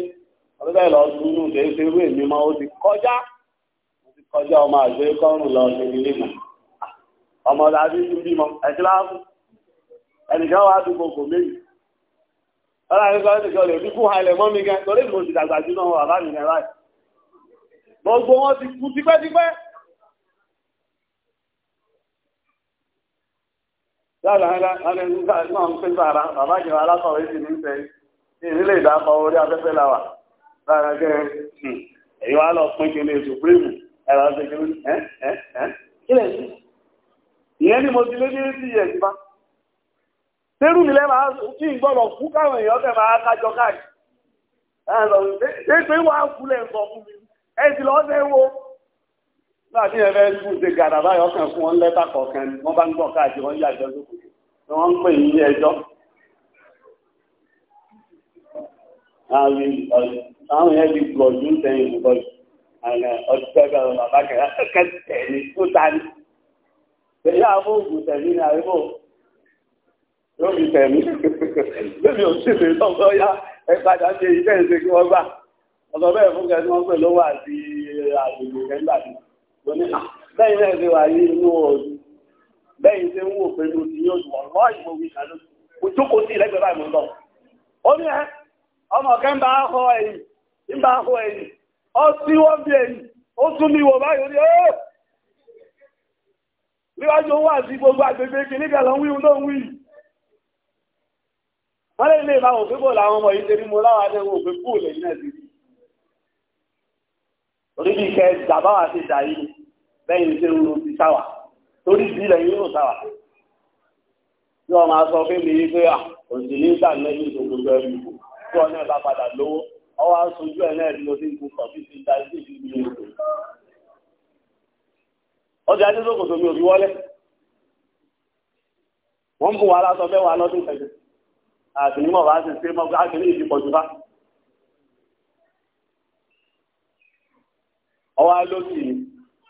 ọdún bẹ́ẹ̀ lọ sùn nù kì í ṣe irú èmi mọ́ ó ti kọjá ó ti kọjá ọmọ àgbẹ̀ kọ́rùn lọ sí ilé mọ́ ọmọ dàbí ń bímọ ẹ̀kílá fún ẹnìkan wà á dúpọ̀ kò méjì ọlá ní sọ́ọ́ nìkan lè fífún àìlẹ̀ mọ́ mi gan torí mo sì dàgbà jù náà wà bá mi gan láì gbogbo wọn ti kú tipẹ́tipẹ́. yálà hmm, ìyẹn ni mo ti lé ní ti yẹ̀ nípa. sẹ́rù mi lẹ́nu kí n gbọ́dọ̀ kú káwọn èèyàn tẹ̀ máa kájọ káàkiri. ṣé pé wàá kulẹ̀ nǹkan fún mi ẹ ti lọ́ọ́ láti ẹ̀rẹ́ skul gàdà báyọ̀ kan fún wọn lẹ́tà kọ̀ọ̀kan wọ́n bá ń gbọ́ káàkiri wọ́n yà jọ lókùn wọ́n ń pè ní ilé ẹjọ́. àwọn yẹn ti gbọ̀ ju sẹ́yìn ìbùkọ́ ọdún pẹ́pẹ́ bàbá kẹ̀kẹ́ ní tó ta ni. èyí àwọn oògùn tẹ̀mí ni àríwó yóò fi tẹ̀mí lórí òṣèlú lọ́gbọ́ yá ẹ ṣe iṣẹ́ ìṣe kí wọ́n bẹ́ẹ̀ fún kẹ́sí wọ́n pè lówó àti àgbègbè kẹ́ńgbà bẹ́ẹ̀ ṣe wà ní inú ọdún bẹ́ẹ̀ ṣe ń wò pé ti yóò wọ̀ lọ́ ìmọ̀ wí kàdó mo jókòó sí ìlẹ́gbẹ̀ẹ́ báyìí mo ó ní ẹ ọmọ kẹ́ ń bá họ ẹ̀yìn ń bá họ ẹ̀yìn ó sí wọ́n bí ẹ̀yìn ó tún mi wò báyìí ó ní ẹ́ níwájú owó àti torí bí kẹ gbàbáwà ti dà yìí bẹ́yìn ṣe ń lo ti sáwà torí bí lẹ́yìn ló sáwà ní ọmọ aṣọ fún mi yìí pé à ah, òsì ní sàn náà yìí tó gbogbo ẹrù ìbò tí ọ náà bá padà lówó ọwọ́ aṣojú ẹ̀ náà ló ti ń kú kọ̀ọ̀fì ti da sí ìdí ìlú ìlú. ọjà ní sókòtò mi ò fi wọlé wọ́n ń bù wá lásán fẹ́ wà lọ́dún kẹjọ àti nímọ̀ wá sí sí mọ́ ọwọ́ lónìí yìí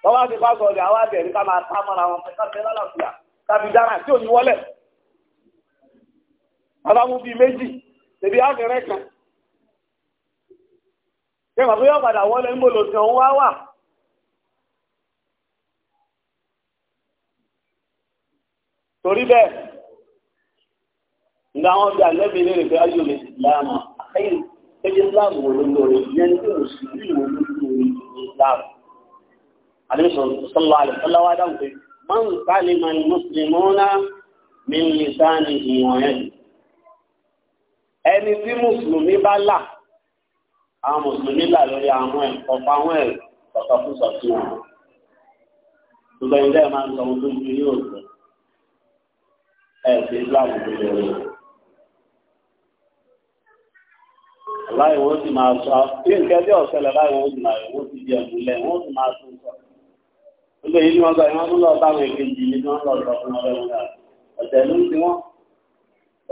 tọ́wọ́ ti bá sọ̀rọ̀ àwọn àbẹ̀rí ká máa sá mọ́ra wọn pẹ̀lú àbẹ̀rẹ̀ lálàáfíà tàbí dára tí ò ní wọlé bàbá mú bíi méjì tèbi àbẹ̀rẹ̀ kan ṣé màá fi yọ padà wọlé ń bolo tí òun wá wà. torí bẹ́ẹ̀ nga wọn bí alẹ́bí lè rìn pé ayọ̀ àkẹ́yìn ẹ̀jẹ̀ láàmú wò ló yẹn ní òsì yìí wò lórí islam alẹ́sọ̀rọ̀ sọ́lá alẹ́sọ́lá wa dáhùn pé man salima al-muslimuna min lisanihi wa yadihi ẹni tí mùsùlùmí bá là àwọn mùsùlùmí là lórí àwọn ẹ̀kọ́ fáwọn ẹ̀ sọ̀tọ̀kùsọ̀ sí wọn gbogbo ẹni lẹ́ẹ̀ máa ń sọ ohun tó ju yóò sọ ẹ̀ sí islam tó lè rí láì wọ́n sì máa sọ bí nǹkan bí ọ̀sẹ̀lẹ̀ láì wọ́n sì máa wọ́n sì di ẹ̀mú wọ́n sì máa tún sọ. Olè yìí ni wọ́n gbà wọ́n lọ bá àwọn èkejì ni wọ́n lọ sọ fún ọ̀rẹ́ wọn náà. Ọ̀tẹ̀ ló ń ti wọ́n.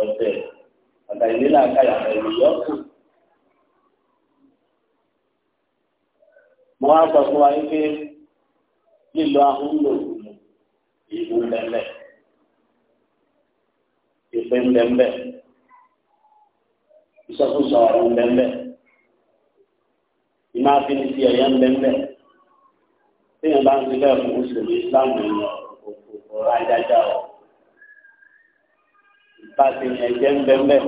Ọ̀tẹ̀ ọ̀tà ìdílé àkàyà ẹ̀rù yọ̀ọ̀kan. Mo wá sọ fún wa pé lílo ahúnlò ìlú lẹ́lẹ̀. Ìpè ìsọkúsọ ọ̀rọ̀ ńbẹ́ńbẹ́ ìmá fi ní ti ẹ̀yẹ ńbẹ́ńbẹ́ téèyàn bá ń fi bẹ́ẹ̀ fún mùsùlùmí ìsìláàmù ẹ̀yìn ọ̀rọ̀ ajájá ọ̀ ìpàṣẹ ẹ̀jẹ̀ ńbẹ́ńbẹ́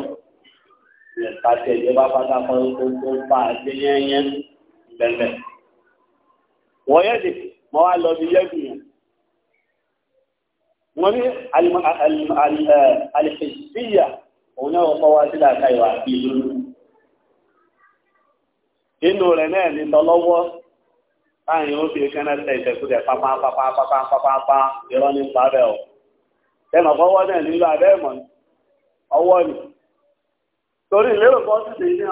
ìpàṣẹ ẹ̀jẹ̀ bá pátá kọ́ kó bá ẹ̀jẹ̀ yẹ́nyẹ́ ńbẹ́ńbẹ́ wọ́n yẹ́ dè mọ́ wá lọ bí yẹ́gùn yẹn wọ́n ní alìfẹ̀síyà. òun náà kọ́ wá sílẹ̀ àka ìwà àti ìlú nínú rẹ̀ náà ní tọ́lọ́wọ́ táyìn ó fi kẹ́nẹ́ tẹ ìtẹ̀kùtẹ̀ pápápápápápápá irọ́ ní parẹ́ ọ̀ tẹ́nà fọwọ́ torí ìlérò kan sì ṣe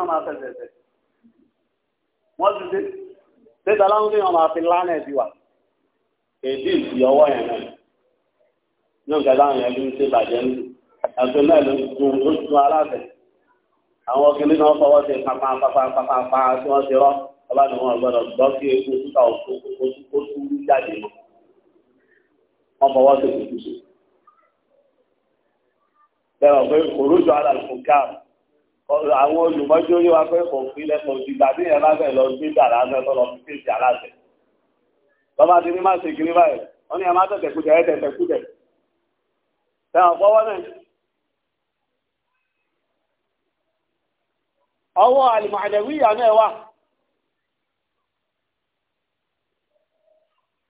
ní àgbẹ̀lá ló dùn ló dùn aláàbẹ̀ àwọn ọkùnrin náà fọwọ́ sí pápá pápá pápá pa tí wọ́n ti rọ́ ọba ni wọn gbọ́dọ̀ gbọ́ kí eku síta òkú kó tú jáde mọ́ wọn fọwọ́ sí kùkù sí. bẹ́ẹ̀ wọ́n pé òrójọ alàlùkò káàmù àwọn olùmọ́jú yóò wá pé kò fi lẹ́kọ̀ọ́ ìgbà tí ìyẹn bá fẹ́ lọ gbé dàrá lọ tó lọ fi kéèjì aláṣẹ. bàbá ti ní má ṣe kiri báyìí wọ́n ní ẹ̀ má tẹ̀tẹ̀ kú tẹ̀ ẹ̀ tẹ̀tẹ̀ kú tẹ̀. ṣé àwọn fọwọ́ náà ọwọ́ alìmọ̀lẹ̀wíyà náà wà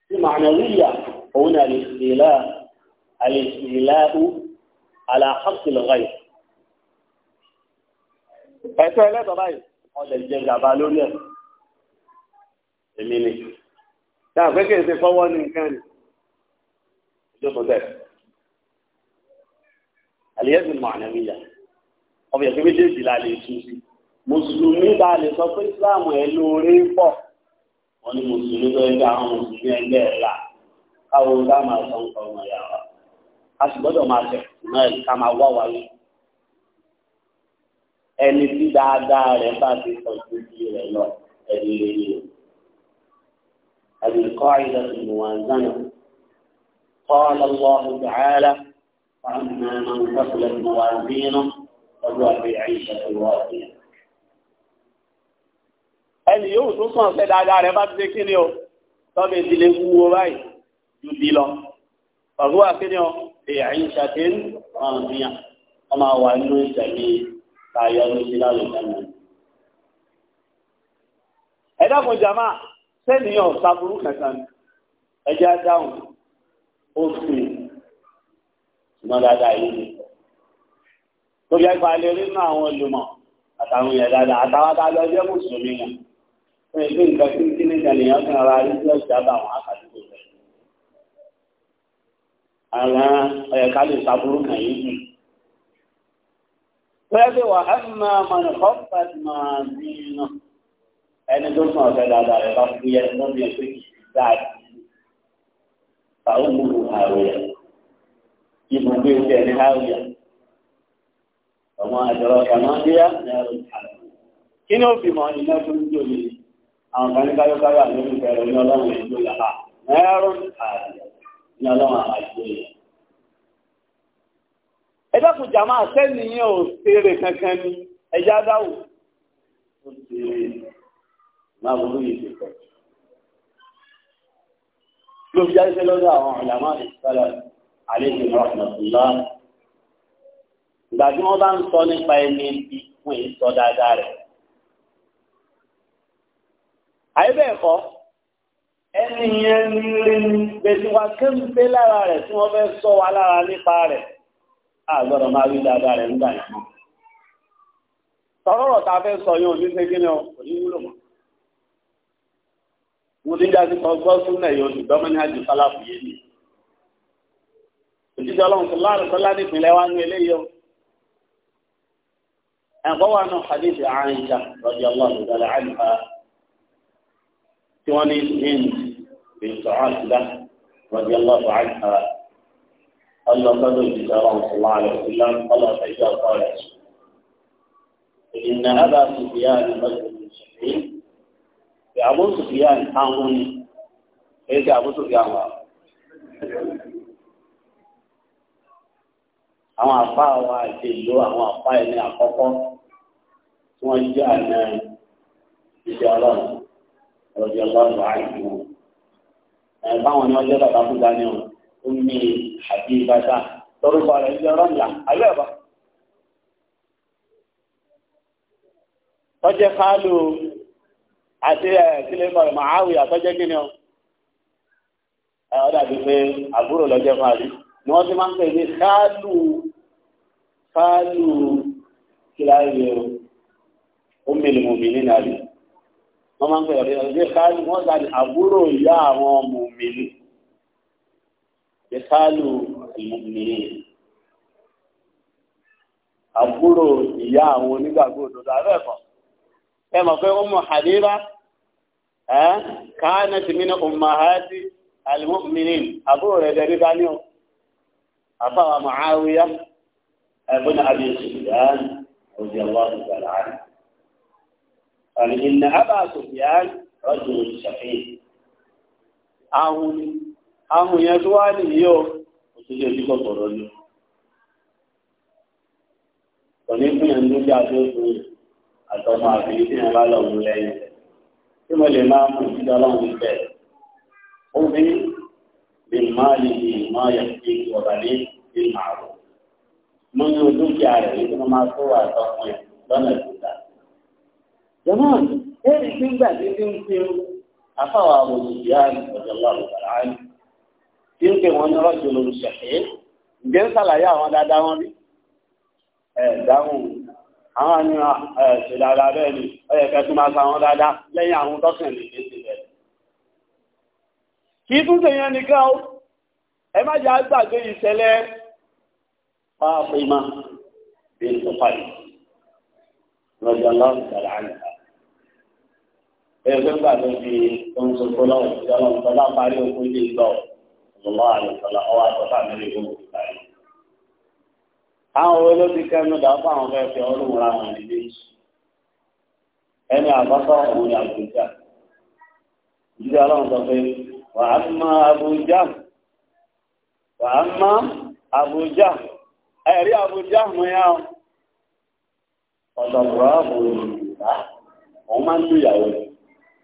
tí mọ̀lẹ̀wíyà òun ni alìsìláàú aláhàkìlọ̀gáyì ẹ̀tọ́ ẹlẹ́tọ̀ báyìí ọlẹ̀ jẹ gàba lórí ẹ̀ èmi ni dáa pẹ́kẹ́ ṣe fọwọ́ ní nǹkan ni ìjọba bẹ́ẹ̀ mọ̀lẹ̀wíyà ọbẹ̀ yẹn méjèèjì la lè mùsùlùmí bá lè sọ pé islam ẹ̀ lóore ń pọ̀ wọ́n ní mùsùlùmí tó ẹgbẹ́ àwọn mùsùlùmí ẹgbẹ́ ẹ̀ là káwọn bá máa sọ ń wa a sì gbọdọ máa tẹ̀ ṣùgbọ́n ká máa wá ẹni tí dáadáa bá ti sọ lọ ẹni lè ní o. ẹni yóò tún sàn fẹ́ dáadáa rẹ bá ti ṣe kíni o tọ́bi ìdílé wúwo báyìí ju bí lọ ọ̀gbọ́n wa kíni o èyà yìí ṣàtẹ́ ọ̀hún níyàn wọ́n máa wà nínú ìṣẹ̀lẹ̀ káyọ ní sílá lóṣèlú. ẹ dákun jama sẹ́niyàn sàbúrú kankan ẹjẹ́ dáhùn ó sì ṣùgbọ́n dáadáa yìí tó yẹ kó lè rí nínú àwọn olùmọ̀ àtàwọn yẹn dáadáa àtàwọn tá a mùsùlùmí wọn fún ẹgbẹ́ nǹkan tí kí ní ìjàlè yàn kan ara rí tí ó ṣe àbá àwọn akàdúgbò rẹ̀. Àlá ọ̀yẹ̀ ká lè sàbúrú kàn yín jù. Fẹ́ẹ́lẹ̀ wà á máa mọ̀nà kọ́pà máa bí iná. Ẹni tó sàn ọ̀fẹ́ dáadáa rẹ̀ bá fúyẹ́ lọ́bí ẹgbẹ́ kìí dáadé. Báwo mú un àròyà? Ibùgbé oúnjẹ ní àròyà. Ọmọ àjọrọ̀ kàmáńdíyà ní àròyà. Kí ni ó fi mọ̀ ìná tó ń jò lè? àwọn kan ní káyọ́káyọ́ àlejò bẹ̀rẹ̀ ní ọlọ́run ìlú yàrá mẹ́rún ààrẹ ní ọlọ́run àjò yẹn. ẹ dákun jàmáà sẹ́niyàn ò ṣeré kankan ni ẹ̀yà dáwò ó ṣeré máa burú yìí ti pọ̀ jù ló fi jáde lọ́dọ̀ àwọn ìlànà ìsọ́lá àlejò rọ̀mọ̀tìlá. ìgbà tí wọ́n bá ń sọ nípa ẹni ibi fún ìsọ rẹ̀. àyè bẹ́ẹ̀ kọ́ ẹni yẹn rí ni bẹ̀sí wa kéńpé lára rẹ̀ tí wọ́n fẹ́ sọ wa lára nípa rẹ̀ a gbọ́dọ̀ máa rí dáadáa rẹ̀ nígbà yẹn. sọ̀rọ̀ ta fẹ́ sọ yóò ní ṣe o kò ní wúlò mọ́. mo ti dájú kan gbọ́ súnmọ́ gbọ́ mẹ́ni yé mi. òjijì ọlọ́run láàrín wa ní eléyìí o. ẹ̀kọ́ wa náà hadith كوني الهند بنت عقبه رضي الله عنها الله قدر جزاره صلى الله عليه وسلم قال فجاه قال ان ابا سفيان رجل شهيد في ابو سفيان حامون ايش ابو سفيان قال àwọn apá wa àti ìlú àwọn apá ẹni àkọkọ tí wọn jẹ àná ìṣe ọlọrun ọ̀rọ̀dì ọlọ́run àìsí wọn. báwọn ni wọ́n jẹ́ bàbá fún dání wọn ó ń mi àbí ìbáta lórúkọ rẹ̀ ń jẹ́ rọ́ǹlà alẹ́ ọ̀bà. tọ́jẹ́ káálù àti ẹ̀ẹ́dílé mọ̀rẹ̀ màáwì àtọ́jẹ́ kíni ọ. ọ dàbí pé àbúrò lọ́jẹ́ fún àrí ni wọ́n ti máa ń pè ní káálù káálù kíláyé o ó mèlè mòmí nínú àrí wọ́n máa ń pè ọ̀rẹ́ ọ̀rẹ́ káàlù wọ́n ta ni àbúrò ìyá àwọn mùmìnì káàlù mùmìnì àbúrò ìyá àwọn onígbàgbọ́ òdodo abẹ́ẹ̀kọ́ ẹ mọ̀ pé ọmọ Halima ẹ káàna ti mí ní ummahati al àbúrò rẹ̀ dẹ̀rí dání o àfàwà Muawiya ibn Abi Sufyan radiyallahu ta'ala anhu. قال إن أبا سفيان رجل شقي àwọn àwọn èèyàn tó wá nìyí o kò sí lè ojúkọ̀ sọ̀rọ̀ ni kò ní fún yẹn lójú àti oṣù àtọmọ àbílí tí yẹn bá lọ wù lẹ́yìn tí mo lè máa mú ìdílé ọlọ́run bẹ̀ ó ní lè má lè ní ìmọ̀ yẹn fi ọ̀bà ní ìmọ̀ àrùn mo ní ojú kí a rẹ̀ ní kí wọ́n máa tó àtọmọ yẹn lọ́nà tí jọmọ ẹni tí ń gbà tí tí ń fi afáwà àbòsíyá ìgbàjọba àbòkàrà áyì tí ń pè wọn ní ọjọ́ olùṣàkè ǹjẹ́ ń ṣàlàyé àwọn dáadáa wọn rí ẹ dáhùn àwọn ni ẹ ṣe dáadáa bẹ́ẹ̀ ni ó yẹ kẹ́ tún máa sa àwọn dáadáa lẹ́yìn àwọn tọkàn lè dé sí bẹ́ẹ̀. kì í tún ṣèyàn nìkan o ẹ má jẹ́ àgbàgbé ìṣẹ̀lẹ̀ pàápàá ìmọ̀ bí n ẹgbẹ́ ló fi oúnjẹ tó lọ́wọ́ ìjọ lọ́wọ́ tó bá parí oko ilé ìgbà ọ̀lọ́wọ́ àlùfọ́lá ọwọ́ àtọ́fà mẹ́rin ló wù báyìí. àwọn owó ló ti kẹ́nu dà àwọn fẹ́ẹ́ fi ọlọ́run ra wọn nílé ẹni àbọ́sọ́ òun ni àbújá ìdílé ọlọ́run sọ pé wà á má àbújá wà á má àbújá ẹ̀rí àbújá mú yá ọ̀dọ̀ bùrọ̀ àbújá òun máa ń lù ìyàwó rẹ̀.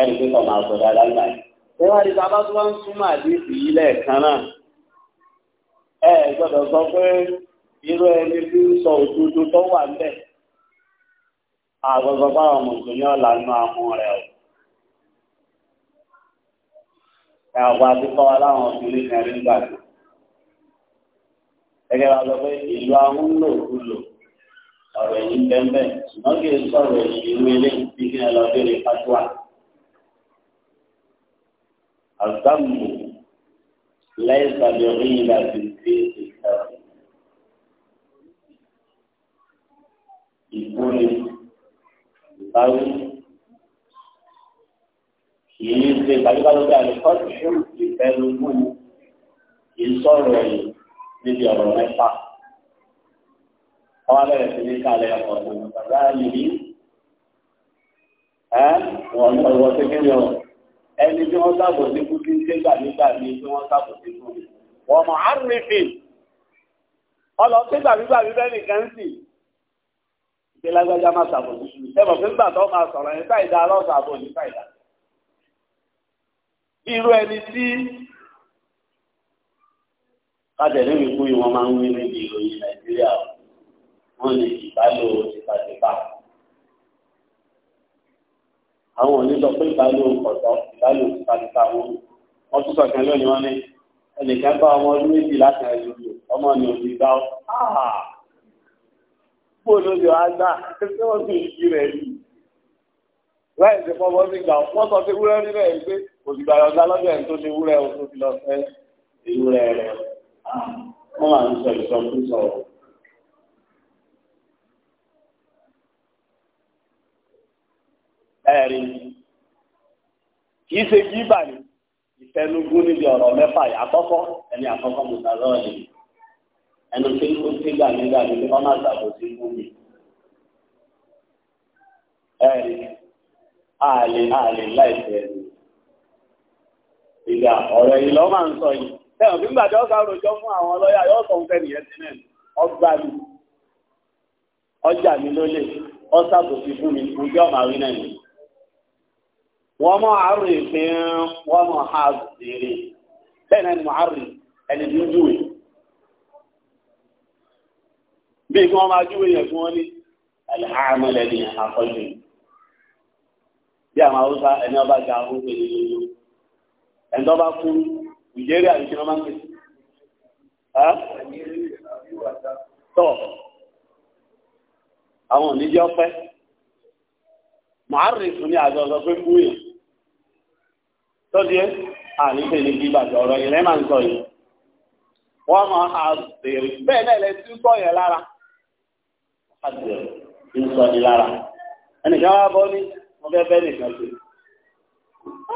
ẹni pé kọ̀ọ̀mà sọ dáadáa yìí. ṣé wàá di bàbá tó wá ń súnmọ́ àdéhùn yìí lẹ́ẹ̀kan náà ẹ gbọ́dọ̀ sọ pé irú ẹni tí ń sọ òdodo tó wà ń bẹ̀ àgbọ̀gbọ̀ báwọn mùsùlùmí ọ̀la nù àwọn rẹ̀ o. ẹ̀wọ̀n àti kọ́ wa láwọn obìnrin kan rí gbà tó. gẹ́gẹ́ bá sọ pé ìlú ahúnlòkulò ọ̀rọ̀ ẹ̀yìn bẹ́ẹ̀ bẹ́ẹ̀ ṣùgbọ́n kì í sọ̀rọ̀ ìlú ilé ìpínlẹ̀ lọ́dún ní pátúwà. الذنب ليس بغيلة في الكتاب يكون القول kìí ṣe pàdébàlódé àlùkọ́tù fún ìfẹ́lógún ìsọ̀rọ̀ yìí níbi ọ̀rọ̀ mẹ́fà. Wọ́n bẹ̀rẹ̀ sí ní kálẹ̀ ọ̀pọ̀ tó ń bàbá yìí. Ẹ́ wọ́n ń sọ̀rọ̀ sí kí ẹni tí wọ́n sábò sí kú sí ṣégbà nígbà ní tí wọ́n sábò sí kú wọ́n mọ̀ arúfin ọlọ ṣégbà nígbà bíbẹ́ nìkan sì ṣe lágbájá má sábò sí kú ẹ̀mọ̀ fún gbà tó máa sọ̀rọ̀ ní sáìdá ọlọ́sà àbò ní sáìdá irú ẹni tí kájẹ̀lé mi kú yìí wọ́n máa ń wí níbi ìròyìn Nàìjíríà wọ́n ní ìbálò tipátipá àwọn òní sọ pé ìbálò ọ̀tọ̀ ìbálò ìpàdùkà wọn wọn tún sọ kan lónìí wọn ní ẹnìkan bá ọmọ ọdún méjì láti ẹ lórí ọmọ ni òbí gbá ọ kó lórí ọgbà ṣé wọn sì yí rẹ yìí láì ṣe fọwọ́ sí gbà wọn sọ pé wúrẹ́ nílẹ̀ yìí pé òbí gbàrọ̀ ọ̀gá lọ́jọ́ ẹ̀ tó ní wúrẹ́ o tó ti lọ fẹ́ ìwúrẹ́ rẹ wọn máa ń sọ ìsọkúsọ ọ̀rọ̀. ẹ̀rí kì í ṣe gíbà ni ìfẹnugún níbi ọ̀rọ̀ mẹ́fà yìí àkọ́kọ́ ẹni àkọ́kọ́ mùsàlọ́ yìí ẹnu tí ó ti gbà nígbà ní kí wọ́n má gbàgbọ́ mi. gbòmí. àlè àlè láìpẹ́ ẹ̀rí ìgbà ọ̀rọ̀ yìí lọ́ máa ń sọ yìí bí gbàdé ọ̀gá rojọ́ fún àwọn yóò sọ ti ọjà mi lólè fún mi ojú rí náà wọ́n mọ̀ àárín ìpín wọ́n mọ̀ ha zèrè bẹ́ẹ̀ náà ni mọ̀ àárín ẹni tí ń júwe bí kí wọ́n máa júwe yẹn fún wọn ní alihamdulilayi ni àkọ́jú bí àwọn haúsá ẹni ọba ga ahúnpé ní lóyún ẹni tó bá kú Nàìjíríà ní kí wọ́n máa ń pè tọ́ àwọn oníjẹ́ ọpẹ́ màárìn fún ní àjọ ọ̀sọ̀ pé kú yẹn tọ́jú ẹ́ àníṣe ní bí bàjẹ́ ọ̀rọ̀ yìí lẹ́mà ń sọ yìí wọ́n mọ àbèrè bẹ́ẹ̀ náà lẹ tún sọ yẹn lára àbèrè ń sọ ní lára ẹnìkan wá bọ́ ní mo fẹ́ fẹ́ nìkan ṣe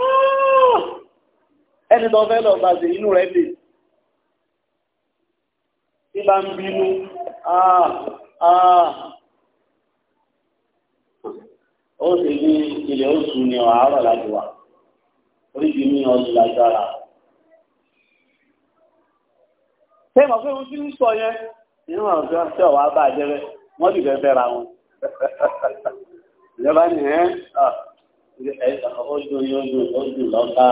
ah! ẹni tó fẹ́ lọ bá ṣe inú rẹ̀ bè tí bá ń bínú ah! Ah! ó sì ní ilẹ̀ oṣù ni ọ̀hárọ̀ láti wà oríṣi ní lágbára. ṣé mọ̀ pé ohun tí ń sọ yẹn nínú àwọn tó ń tẹ̀ bá jẹ́rẹ́ wọ́n ti fẹ́ fẹ́ra wọn. ìjọba ni ẹ́ ọdún yọdún ọdún lọ́ba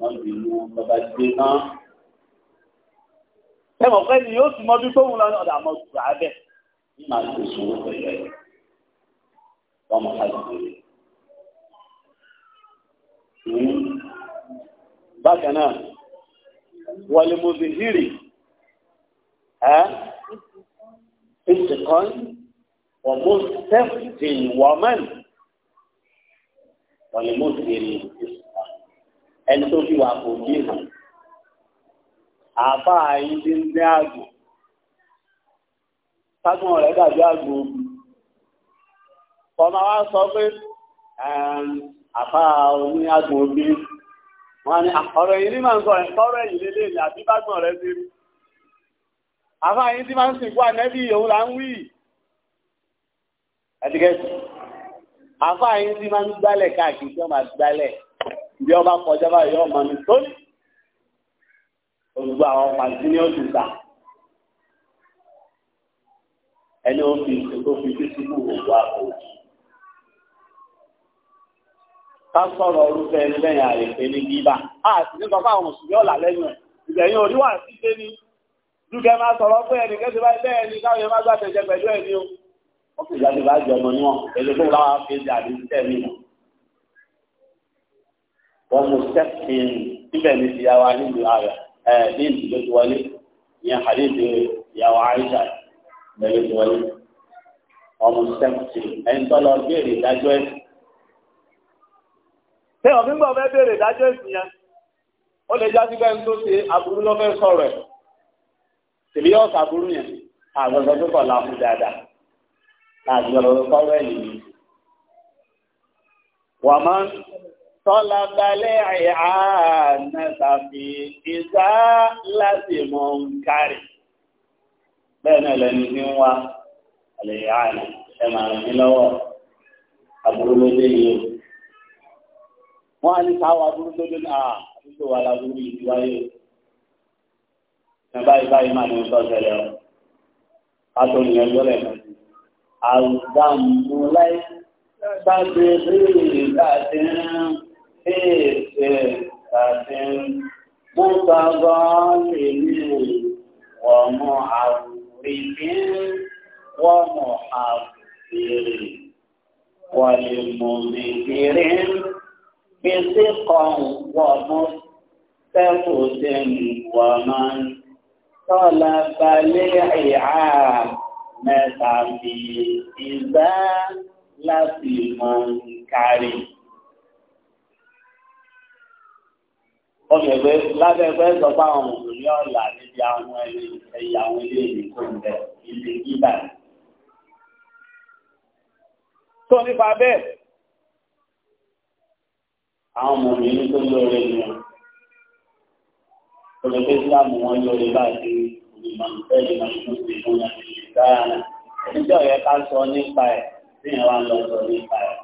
wọ́n ti mú lọ́ba gbé náà. ṣé mọ̀ pé ni yóò ti mọ bí tóun lọ́nà ọ̀dà mọ̀ gbà á ní màá ti sùn ó pẹ̀lú ẹ̀ wọ́n mọ̀ ká bákan náà wàlìmọ̀bìhírì ẹ́ ìsìnkán wàmọ́sẹ́fìtìn wàmán wàlìmọ̀bìhírì ẹni tó fi wà kò jí hàn àbá ayíndé ń dé àgbò ságbọ́n rẹ̀ dàbí àgbò ọmọ wa sọ pé àbá oní àgbò obì wọ́n ní ah, ọ̀rọ̀ yìí ní máa ń sọ ẹ̀ tọ́rọ̀ yìí lélẹ̀ ní àbíbágbọ̀n rẹ̀ ti rí àfáàyín tí máa ń sìnkú ànẹ́bí òun là ń wí ẹ̀dígẹ́sì àfáàyín tí máa ń gbálẹ̀ káàkiri tí wọ́n máa gbálẹ̀ bí ọba kọjá báyìí yọ ọmọ mi tóní olùgbò àwọn pàǹtí ní oṣù ta ẹni ó fi ìṣèkó fi títí kù òwò àpò òjì ká sọ̀rọ̀ orúfẹ́ ẹni lẹ́yìn àrèfé ní bíbá àti ní sọ fáwọn mùsùlùmí ọ̀là lẹ́yìn ẹ̀ ìgbẹ̀yìn oníwà sí dé ní dúkẹ́ máa sọ̀rọ̀ pé ẹnì kẹ́sì bá bẹ́ẹ̀ ni káwọn yẹn máa gbà tẹ̀jẹ̀ pẹ̀lú ẹni o ó sì jáde bá jẹ ọmọ níwọ̀n èdè tó láwa fi ṣe àdéhùn mi mọ̀ wọ́n mú sẹ́kìn níbẹ̀ ní ti yàwá nílùú ààrẹ ẹ̀ ní ìdílé tó wọlé ní àdéhùn ìyàwó àìsà ìdílé tó wọlé wọ́n mú sẹ́kìn ẹni tó lọ bí ìdájọ́ ẹ̀sìn ṣé ọ̀mí gbọ́ fẹ́ béèrè ìdájọ́ ẹ̀sìn yẹn ó lè já sí bẹ́ẹ̀ tó ṣe aburú lọ́fẹ́ sọ̀rọ̀ ẹ̀ tèmi yóò sàbúrú yẹn àgbẹ̀sọ̀ tó kọ̀ láàmú dáadáa àgbẹ̀sọ̀ tó kọ̀ wẹ́ẹ̀lì yìí. wà máa ń tọ́lá balẹ̀ àánà tàbí ìzá láti mọ̀ ń kárì bẹ́ẹ̀ náà lẹ́ni tí ń wá àlè àánà ẹ̀ máa ràn mí lọ́wọ́ aburú ló dé yìí o wọn á ní káwá burú tó dé náà ah, àdúgbò wa la burú yìí wáyé ní báyìí báyìí máa ní o sọ ṣẹlẹ̀ o kátó nìyẹn gbọ́dọ̀ ẹ̀ àgbàmúláì sábẹ bíi láti ń fèsè láti ń mú bàbá lè ní wọ́n mú àwòrán wọ́n mú àwòrán wọ́n lè mú mi kiri. بثقل ومستفد ومن طلب الإعانة في إزالة المنكر Ọmọ lábẹ́gbẹ́ sọ pé àwọn òṣèlú ọ̀la níbi àwọn ẹ̀yà àwọn ilé ìdíkò ń bẹ̀ ilé gíga. Tó nípa bẹ́ẹ̀, àwọn ọmọ mi ní tó lóore ni wọn olùkọ́ islam wọn lóore báyìí olùmọ̀lùfẹ́lì mọ̀lùfẹ́lì mọ̀lùfẹ́lì dáhà níjọ yẹ ká sọ nípa ẹ̀ bí yẹn wá lọ sọ nípa ẹ̀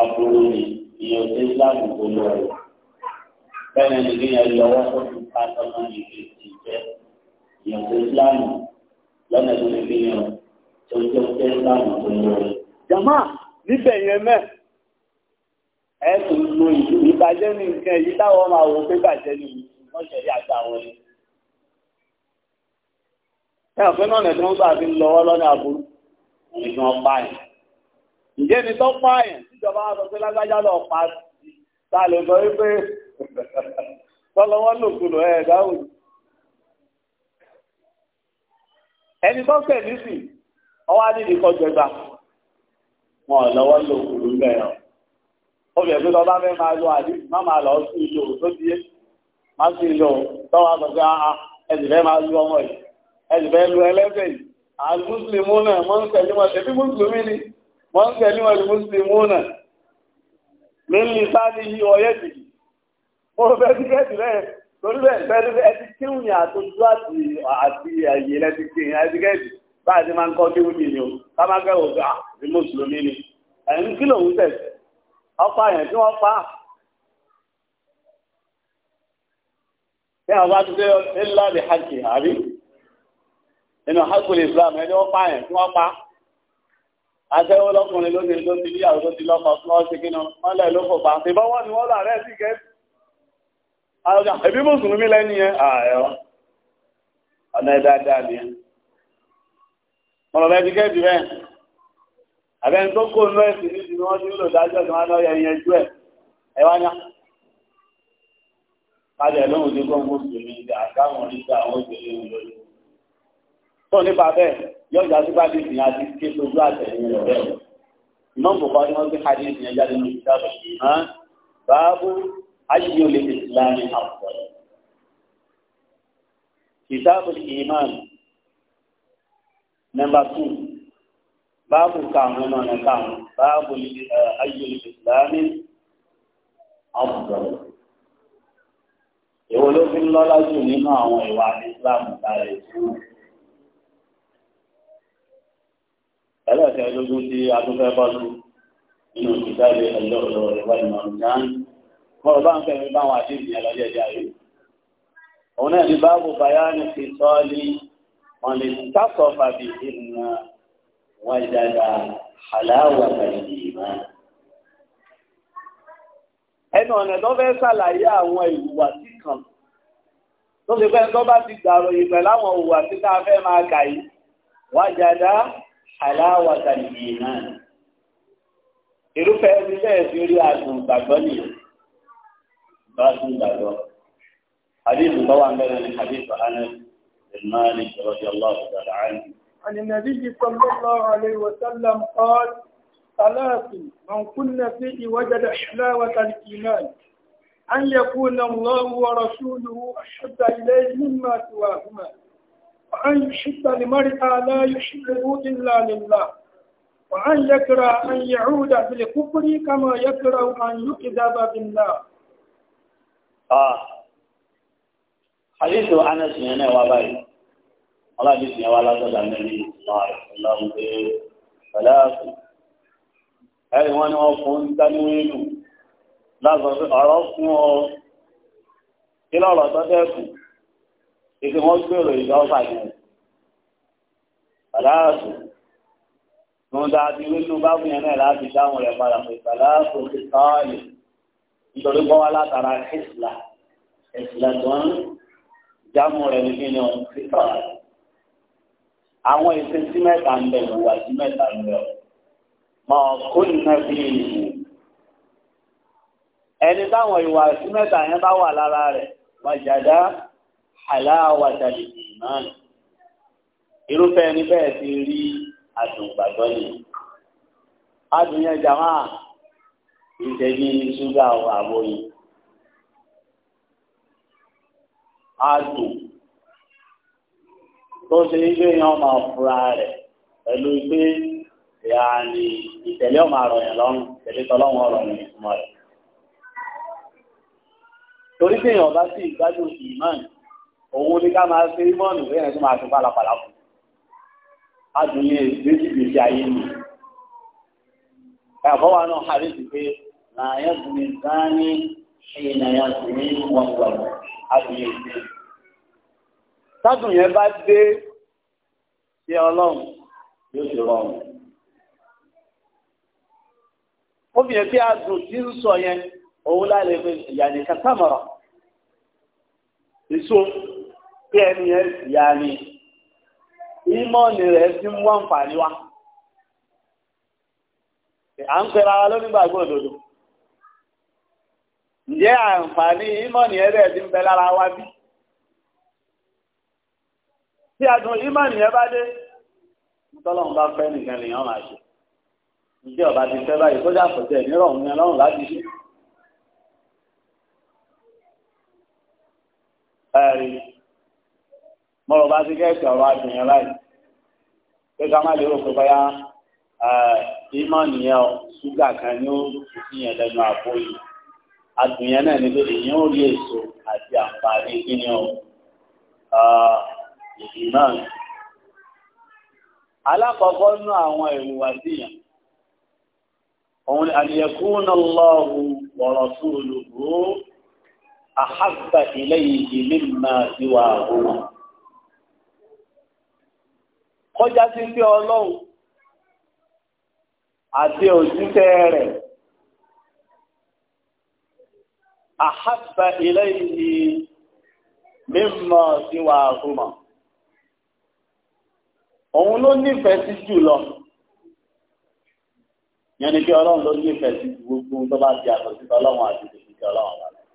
aburú ni ìyẹn olùkọ́ islam tó lóore bẹ́ẹ̀ ni yẹn lọ́wọ́ tó fi ká sọ́nà ìgbésí jẹ́ ìyẹn olùkọ́ islam lọ́nà tó fi yẹn tó tó islam tó lóore. jama níbẹ̀ yẹn mẹ́ẹ̀. ẹ̀sùn lo ìbàjẹ́ ní nǹkan èyí táwọn máa wo pé bàjẹ́ ní wọ́n ṣẹ̀rí àgbà ẹ ọ̀pẹ́ náà nẹ̀tọ́ ń gbà fi ń lọ́wọ́ lọ́nà àbúrú pààyàn. ǹjẹ́ ni tó pààyàn tíjọba sọ pé lágbájá lọ pa lè sọ wípé tọ́lọ́wọ́ lòkulò ẹ̀ dáhùn. ẹni tó kẹ̀ nísì ọwọ́ kọjọ gbà wọn lọ́wọ́ lòkulò obìnrin tó lọ bá fẹ́ máa lo àdí má máa lọ sí ìlò tó ti yé má sí ìlò tọ́wọ́ sọ pé a ah, ah, ẹ̀sìn fẹ́ máa lu ọmọ yìí ẹ̀sìn fẹ́ lu ẹlẹ́sẹ̀ yìí àlùmùsùlùmù náà mọ́ ń tẹ̀lé wọn ṣẹ̀bí mùsùlùmí ni mọ́ ń tẹ̀lé wọn lùmùsùlùmù náà mi ń lè sáré yí ọyẹ́ dì mo fẹ́ ti kẹ́sì rẹ̀ torí bẹ́ẹ̀ fẹ́ ti kíwìn àtúntò àti àti àyè àti kẹ́sì báyìí ọ̀pá yẹn tí wọ́n pa. Bí àwọn bá ti dé ńlá lè hajj àbí nínú hajjul Islam ẹni wọ́n pa yẹn tí wọ́n pa. Aṣẹ́wó lọ́kùnrin lóbìnrin ló ti ní àwọn tó ti lọ́kọ̀ fún ọ́ṣẹ́ kí náà wọ́n lẹ̀ ló kò pa. Ìbọn wọn ni wọ́n lọ àrẹ́ sí kẹ́sì. Àwọn ẹbí mùsùlùmí lẹ́ni yẹn ààrẹ ah, ọ̀nà ẹ̀dáadáa ni. Mọ̀lọ́bẹ̀ ti kẹ́sì bẹ́ẹ̀ àbẹ́ni tó kó inú ẹ̀sìn ní ti wọ́n ti ń lò dájọ́ tí wọ́n náà yẹ yẹn jú ẹ̀ ẹ wá ní. kájẹ̀ lóhùn ní kó mùsùlùmí ní àkáwọn oníṣẹ́ àwọn obìnrin ń lórí. tó nípa bẹ́ẹ̀ yọjà sí bá dìbò àti ké sojú àtẹ̀yìn rẹ̀ bẹ́ẹ̀. ìmọ̀ bùkọ́ ni wọ́n ti ka ìsìn ẹja nínú ìjà rẹ̀ ṣùgbọ́n báàbù ayíyó lè ti láàrin àwùjọ rẹ̀. kìtàbù báàbù karùn-ún náà ní karùn-ún báàbù ayyul islami afdal èwo ló fi ń lọ́lá jù nínú àwọn ìwà islam lára ìsìn ẹlẹ́sẹ̀ lógún tí a tún fẹ́ bọ́ sí nínú ìdájọ́ ẹ̀yọ́ ọ̀rọ̀ ìwà ìmọ̀ ìdáhùn mọ̀rọ̀ bá ń fẹ́ mi báwọn àdéhùn yẹn lọ́jọ́ ìjà rẹ̀ òun وجد حلاوة الإيمان ẹnu ọ̀nà tó fẹ́ ṣàlàyé àwọn ìhùwàsí kan tó fi fẹ́ tó bá ti dàrò ìpẹ̀ láwọn ìhùwàsí tá a fẹ́ máa kà yìí wájàdá aláwàtà nìyí náà irúfẹ́ ẹni bẹ́ẹ̀ fi rí àdùn gbàgbọ́ nìyẹn bá tún gbàgbọ́ àdéhùn tó wà ń bẹ̀rẹ̀ ní àdéhùn àná ìmáàlì ìjọba عن النبي صلى الله عليه وسلم قال ثلاث من كنا فيه وجد حلاوة الإيمان أن يكون الله ورسوله أحب إليه مما سواهما وأن يحب المرأة لا يحبه إلا لله وأن يكره أن يعود في كما يكره أن يكذب بالله آه حديث أنس هنا وبيت ọlọ́ọ̀dì sì wá látọ̀dà mẹ́rin ọ̀làwùn pé pẹ̀lẹ́ àṣù ẹ̀rì wọn ni wọ́n fún tẹ́lúwìnù lásán pé ọ̀rọ̀ fún ọ kí lọ́rọ̀ tó dẹ́kù ètò wọn gbèrò ìdọ́fà yẹn pẹ̀lẹ́ àṣù tòun dáa ti wínú bábù yẹn náà láti dáhùn rẹ̀ padà pé pẹ̀lẹ́ àṣù ti tọ́ọ̀lì nítorí bọ́ látara ìsìlá ìsìlá tó ń jámù rẹ̀ nìkan ní ti tọ́ọ̀lì àwọn ìṣesí mẹ́ta ń bẹ ìwà sí mẹ́ta ń bẹ mọ kó nìkan fi ìlú ẹni táwọn ìwà sí mẹ́ta yẹn bá wà lára rẹ̀ wàjàdá aláwàdà ìmánì irúfẹ́ ẹni bẹ́ẹ̀ ti rí àdùngbàgbọ́ ni adùnyẹn jàmá ìṣẹ́bí ṣúgà àbóyìn adùn tó ṣe ilé yẹn máa fura rẹ̀ pẹ̀lú pé ìyáàni ìtẹ̀lé ọmọ àrọ̀ yẹn lọ́rùn tẹ̀lé tọ́lọ́wọ́n ọ̀rọ̀ yẹn ìtumọ̀ rẹ̀. torí pé èèyàn bá sì gbádùn ìmọ̀n òun ní ká máa ṣe ìmọ̀nù bẹ́ẹ̀ tó máa fi pálapàla kù. adùnní èdèjì gbèsè ayé mi. ẹ̀fọ́ wa náà hàrí sí pé nàáyà tún ní ìnáyà sí ní wọ́n gbàgbọ́ adùnní èdèjì. tádùn yẹn bá dé sí ọlọ́run yóò sì rọrùn. obìnrin tí a dùn tí ń sọ yẹn òun ìyàní kàtàmọ̀rọ̀ pé ẹni yẹn ìyá ni ìmọ̀ọ́nì rẹ̀ ti ń wá nfààní wa. à ń pera wa lónígbàgbọ́ òdodo. ǹjẹ́ àǹfààní ìmọ̀ọ́nì ẹ̀rẹ́ ti ń bẹ lára wa bí? tí adùn ìmánì yẹn bá dé tọ́lọ́run bá fẹ́ nìkan lèèyàn máa ṣe ìjẹ́ ọba ti fẹ́ báyìí sójà pọ̀jẹ́ ìnírọ̀rùn yẹn lọ́rùn láti ṣe. ẹ̀rí mọ̀rọ̀ bá ti kẹ́ẹ̀sì ọ̀rọ̀ adùn yẹn láì pé ká má lérò pé báyà ìmánì yẹn ọ ṣúgà kan ni ó ti yẹn lẹ́nu àpò yìí adùn yẹn náà ni pé èèyàn ò rí èso àti àǹfààní kí ọ. ìmáà alákọ̀ọ́kọ́ nú àwọn ìwàsí yẹn òun ni àlìyẹ̀kún Allahu wa rasuluhu ahabba ilayhi mimma siwahu kọjá sí pé ọlọ́run àti òjíṣẹ́ rẹ̀ ahabba ilayhi mimma siwahu òun ló nífẹ̀ẹ́ sí jù lọ yẹn ni pé ọlọ́run ló nífẹ̀ẹ́ sí ju gbogbo tó bá di àtọ̀ sí ọlọ́run àti ìdèkì tí ọlọ́run wà lẹ́yìn.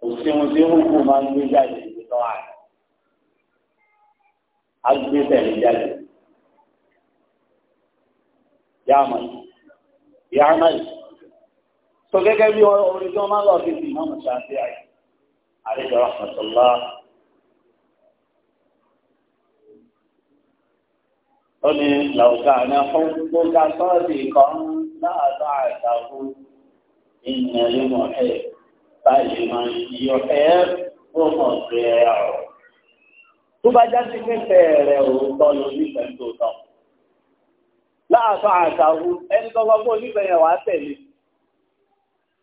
kò sí ohun tí ó kú máa ń gbé jáde ìlú tó wà ní agbésẹ̀lì jáde yáàmà yáàmà yìí. sọ gẹ́gẹ́ bí orin tí wọ́n máa ń lọ sí ti ìmọ̀ ọ̀ṣà àti àyè. عليه رحمة الله قل لو كان حبك صادقا لا تعته إن لمحب فلمن يحب ومطيع tó bá já sí pípẹ́ rẹ̀ òótọ́ ló nífẹ̀ẹ́ tó tọ́ láàtọ̀ àtàwù ẹni tó bá bó nífẹ̀ẹ́ yẹn wàá tẹ̀lé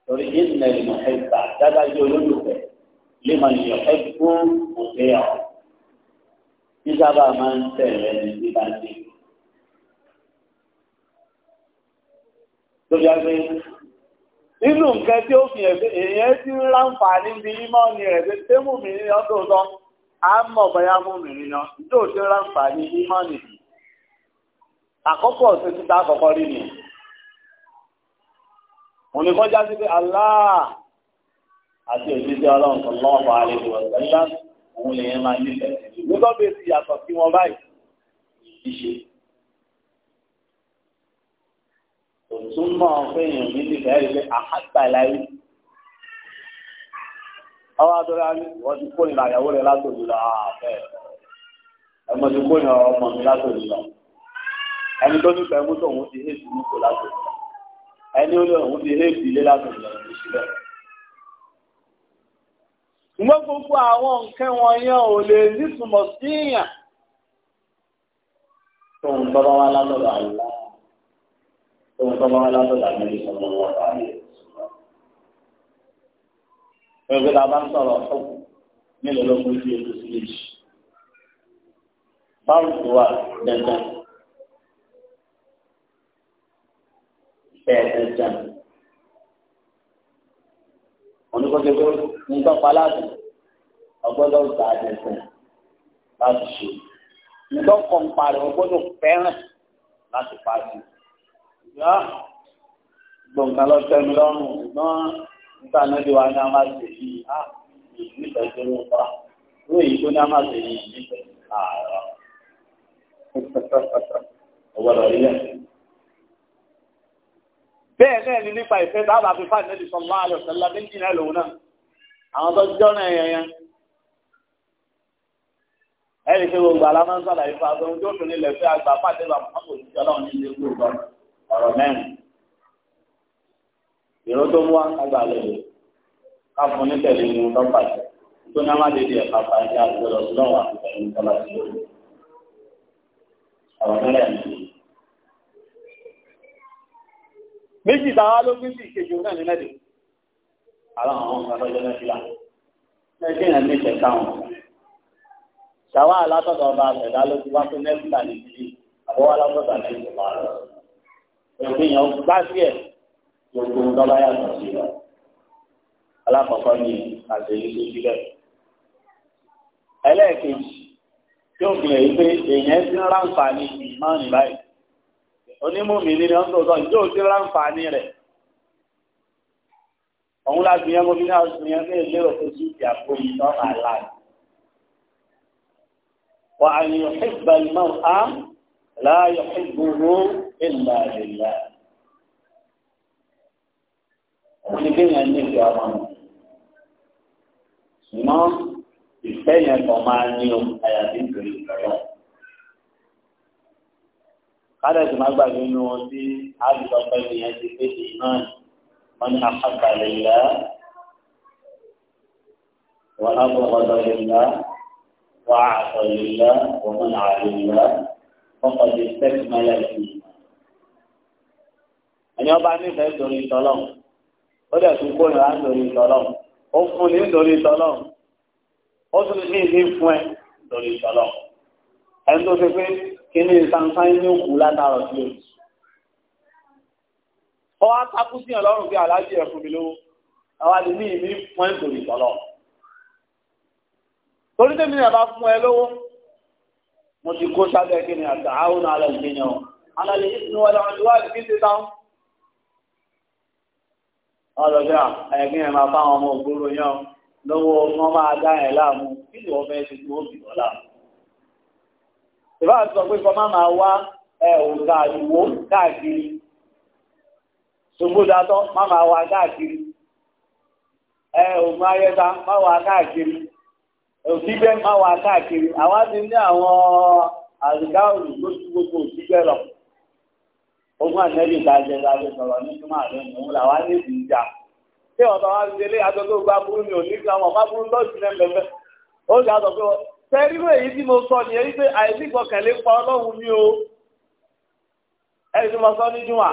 torí yìí nà ìmọ̀ ẹ̀ta dáadáa olódò لمن يحب مطيع ìsábà máa ń tẹ̀lé ní bíbá ní. lórí agbé nínú nǹkan tí ó fi ẹ̀fẹ́ èèyàn ti ń láǹfààní bí mímọ́ ni rẹ̀ pé pé mú mi ní ọdún lọ á mọ̀ bóyá mú mi ní lọ yóò ti ń láǹfààní mímọ́ nìyí. àkọ́kọ́ ọ̀sẹ̀ tí tá àkọ́kọ́ rí ni. òní kọjá sí pé aláà àti òṣìṣẹ́ ọlọ́run sọlọ́ọ̀fọ̀ àlejò ọ̀sẹ̀lá òun lè máa nífẹ̀ẹ́ sí i gbọ́dọ̀ bẹ́ẹ̀ ti yàtọ̀ sí wọn báyìí ìṣe òtún mọ̀ fẹ́yìn mi nífẹ̀ẹ́ rẹ̀ pé àhàgbà láyé ọwọ́ adọ́rẹ́ àmì wọ́n ti kó ìlànà ìyàwó rẹ̀ látòlù lọ àfẹ́ ah, ẹ̀mọ́ ti kó ìlànà ọmọ mi látòlù lọ ẹni tó nífẹ̀ẹ́ mú tòun ti hé ìdílé látòlù lọ ẹni ó ìmọ̀ gbogbo àwọn nǹkan wọ̀nyẹn ò lè nítumọ̀ síyàn tóun tọ́lọ́ wa lálọ́dọ̀ àlá tóun tọ́lọ́ wa lálọ́dọ̀ àmì sọ̀rọ̀ wọn bá yẹ. ẹgbẹ́ la bá ń sọ̀rọ̀ ọ̀kùn nílò lókun sí ètò sí èjì báwo tó wà dandan. kókó tó nǹkan paláàbò ọgbọ́dọ̀ gbà á dẹ̀sẹ̀ láti ṣe nǹkan kan parí ọgbọ́dọ̀ fẹ́ràn láti parí. ìyá gbọ̀ǹkan lọ sẹ́nu lọ́rùn ṣùgbọ́n nípa níbi wa ni a máa ṣe yìí á nífẹ̀ẹ́ tó ló pa ló èyí tó ní a máa ṣe yìí nífẹ̀ẹ́ àárọ̀ ọgbọ́dọ̀ rí bẹ́ẹ̀ náà ni nípa ìfẹ́ tá a bá fi fáìlì nẹ́bí sọ̀rọ̀ àlọ́ sẹ́lá méjì náà lòun náà àwọn tó jọ́ náà yẹn yẹn. ẹ̀rì ṣe gbogbo alámọ́ ń sọ̀rọ̀ ìfọ̀ àgbọn tó tún nílẹ̀ fẹ́ àgbà pàdé bá mọ́tò òṣìṣẹ́ ọlọ́run ní ilé gbogbo ọ̀rọ̀ mẹ́rin. ìró tó mú àgbà lẹ́yìn ká fún ní tẹ̀lé ní ọ̀tọ́ pàṣẹ tó ní a má dédé ẹ̀ka pàṣẹ àgbẹ̀rọ̀ ọ̀rọ̀ mẹ́rin méjì tàwa ló pín sí ìkejì náà ní mẹ́rin àwọn àwọn ọmọ ọlọ́jọ́ náà fìlà mẹ́jì náà ní ìṣẹ̀ká wọn ló ti wá pé mẹ́fìlà ní ìdílé àbọ̀wọ́ àti ìjọba rẹ̀ ìpínyàn gbá sí ẹ̀ onímọ̀mí ni wọ́n tọ̀tọ̀ ní yóò ti ráǹfààní rẹ̀ òun láti yẹn mo fi náà sùn yẹn fún ìlérò tó sì fi àpò yìí tán máa là ní. wà á yọ ìgbà ìmọ̀ á láàyò ìgbòho ìlà ìlà. òun ni kéèyàn ní ìfẹ́ ọmọ mi. ṣùgbọ́n ìfẹ́ yẹn kàn máa ní o àyàfi ìgbèrè ìgbà kálẹ̀tì má gbàgbé inú wọn tí àdìsọ́pẹ́ nìyẹn ti pé sí náà wọn ní àkàbàlẹ̀ ńlá wọn abọ́kọ̀tọ̀ ńlá wọn àtọ̀lẹ̀ ńlá wọn mọ̀ àlè ńlá wọn kọ̀ di sẹ́kìmọ́lẹ̀ sí i. ẹni ọba nífẹ̀ẹ́ torí tọ́lọ̀ ó dẹ̀ tún kó ìrà torí tọ́lọ̀ ó fún ní torí tọ́lọ̀ ó tún ní ìdí fún ẹ torí tọ́lọ̀ ẹni tó ti pé kíní sáńsáń ní òkú látàrọ̀ sí òjì. ọ wá sákú sí ọlọ́run bí aláàjì ẹ̀fún mi lówó àwọn àti ní ìmí fún ètò ìtọ́lọ̀. torí tèmi náà bá fún ẹ lówó mo ti kó sábẹ́ kíní àti àwọn alẹ́ ìgbéyàn o alẹ́ ìsinú ọlọ́run àdúrà ti fi ta ọlọ́gbà ẹ̀gbìn ẹ̀ máa fáwọn ọmọ ògbóró yàn lọ́wọ́ wọn máa dá ẹ̀ láàmú kí ni wọ́n fẹ́ ṣe tó ó bì wọ́n láàmú ìbá sọ pé kọ́ máa máa wá òǹkà ìwò káàkiri ṣògbódàtọ́ máa máa wá káàkiri ògùn ayẹta máa wá káàkiri òsígbẹ́ máa wá káàkiri àwa ti ní àwọn àdìgáòrù lóṣù gbogbo òsígbẹ́ lọ ogun àtẹ́lẹ̀ ìdájẹ́ ìdájẹ́ sọ̀rọ̀ ní túmọ̀ àlẹ́ ìmọ̀ làwa ní ìdí ìjà tí ọ̀tọ̀ wa ti délé adọ́gbó bá burú ni òní kan wọn bá burú lọ́sùn lẹ́mẹ̀mẹ́ ó sì àtọ̀ pé tẹ́rírò èyí tí mo sọ nìyẹn wípé àìsígbọ̀kẹ̀lé pa ọlọ́run mi o ẹni tí mo sọ ní jùmọ̀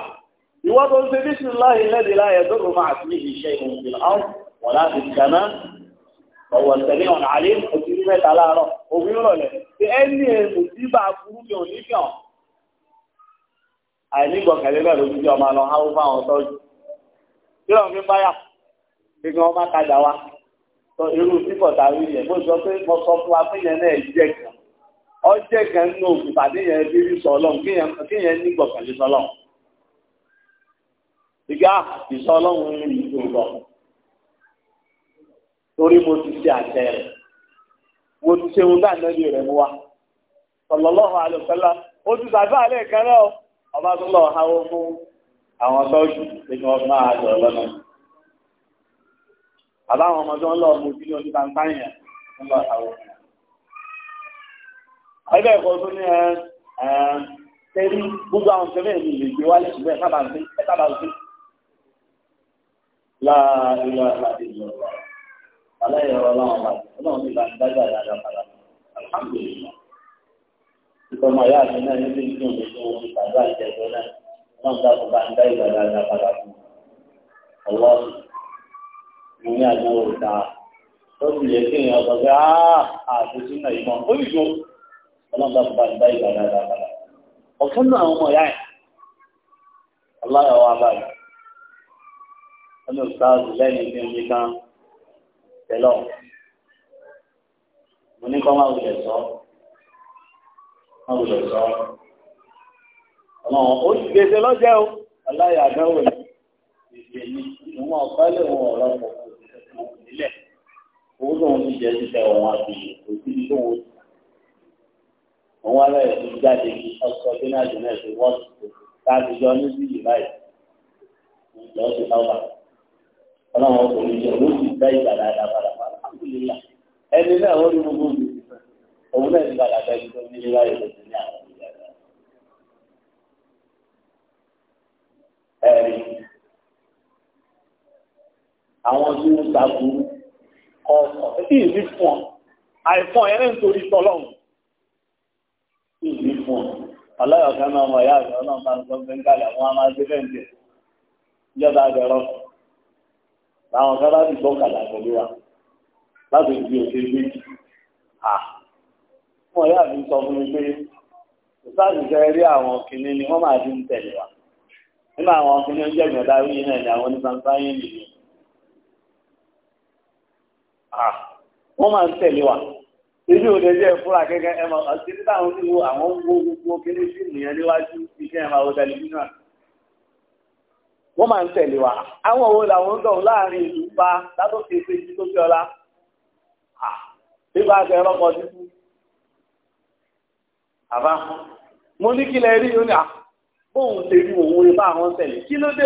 ìwọ́n tó ń ṣe bí sùn láàyè lẹ́dí láàyè tó kò máa sí iṣẹ́ ìmọ̀ọ́sìn àwọn wọ̀n láti dáná ọ̀wọ̀ tẹ̀lé ọ̀nà àlẹ́ òtún ní mẹ́ta láàárọ̀ òfin rọ̀lẹ́ ṣe ẹni èèmù tí bá burú mi ò ní fi hàn àìsígbọ̀kẹ̀lé bẹ́ẹ̀ lójú ọmọ lọ háwó fáwọn tọ́jú kí irú pípọ̀ tàbí yẹn mo sọ pé mo sọ fún wa pé yẹn náà jẹ́ kan ọ jẹ́ kan nínú òkú tàbí yẹn bí rí sọ ọlọ́run kí yẹn ní gbọ̀kànlé sọ ọlọ́run. ìgbà ìsọ ọlọ́run ń rìn ìṣòro lọ torí mo ti ṣe àṣẹ rẹ̀ mo ti ṣe ohun dáná bí rẹ̀ mú wa ọ̀lọ́lọ́hàn àlùfẹ́lá ó ti sàdúrà lẹ́ẹ̀kan náà ọba tó lọ́ọ́ háwó fún àwọn tọ́jú nínú ọgbọ́n àjọ ọlọ́run àbáwọn ọmọ tó ń lọ mojú ní ojú bàbá yẹn ń lọ àwọn ọmọ. ẹgbẹ́ ẹ̀kọ́ tó ní ẹ ẹ tẹ́lí gbogbo àwọn tẹ́lẹ̀ mi lè gbé wálé ṣùgbọ́n ẹ sábà ń ẹ sábà ń fi. láàárín àti ìjọba aláìyẹ ọ̀rọ̀ láwọn bá ọlọ́run ti bá ń dájọ́ àyàjọ padà alhamdulilayi. ìtọ́ ọmọ ìyá mi náà ní bí ìjọ tó wọn ìgbàgbọ́ àti ẹ̀jọ́ náà wọ́n ń dákun bá ń dá ìgbàgbọ́ àyàjọ padà fún ọlọ́run. mo ní àdánwò ta lọ́sùn yẹ kí èèyàn sọ pé àtúntí náà yìí mọ́ ó yìí tó ọlọ́mọba bàbá ìgbà dáadáa padà ọ̀kan náà àwọn ọmọ ìyá ẹ̀ aláyọ̀ wa báyìí ẹni òṣìṣẹ́ lẹ́yìn ní omi kan tẹ́lọ̀ mo ní kọ́ máa sọ máa sọ lọ́jẹ́ o àdáwò yìí ìwọ̀n lè wọ ọ̀rọ̀ pọ̀ owó tó ń jẹ títẹ òun àti òsì tó wò òun alẹ́ ìlú jáde ní ọkọ̀ bínádì náà ti wọ́n káàdì yọ ní sí ìlú báyìí ìjọ ti káwà ọlọ́run ọkùnrin jẹ òun ìgbà dáadáa padà padà àbúlélà ẹni náà ó rí gbogbo òbí òun náà ti padà bẹ́ẹ̀ tó nílé báyìí tó ní àwọn ìyá rẹ̀. ẹ̀rí àwọn tí wọ́n ta ọ̀sán tí ìlú fún ọ àìfọn ẹni nítorí tọlọ́run tí ìlú fún ọ aláyọ̀ kan náà ọmọ ìyá àgbẹ̀ ọlọ́run máa ń sọ pé ń kalẹ̀ àwọn amáṣe fẹ́ǹtì ìjọba àgbẹ̀rọ làwọn kan bá ti gbọ́ kàlà pẹ̀lú wa láti fi òṣè gbé à ọmọ ìyá mi sọ fún mi pé ìsáàsì fẹ́ rí àwọn kìnìún ni wọ́n máa ti ń tẹ̀lé wa nínú àwọn kìnìún jẹ́ ìgbọ̀dá wíyí náà ni àwọn onífàǹfà yẹn nìyẹn wọ́n máa ń tẹ̀lé wa ibi òde jẹ́ fúra kẹ́kẹ́ ẹ máa ṣe ní ti wo àwọn gbogbo kíní sí ìyẹn níwájú iṣẹ́ ẹ máa tẹlifíṣàn wọ́n máa ń tẹ̀lé wa àwọn òwe làwọn ń dọ̀wọ́ láàrin ìlú bá látòkè péjú tó fi ọlá nígbà tẹ ọlọ́kọ títú àbá mo ní kí lẹ rí yóò ní à bóun ṣe rí òun ipá àwọn tẹ̀lé kí ló dé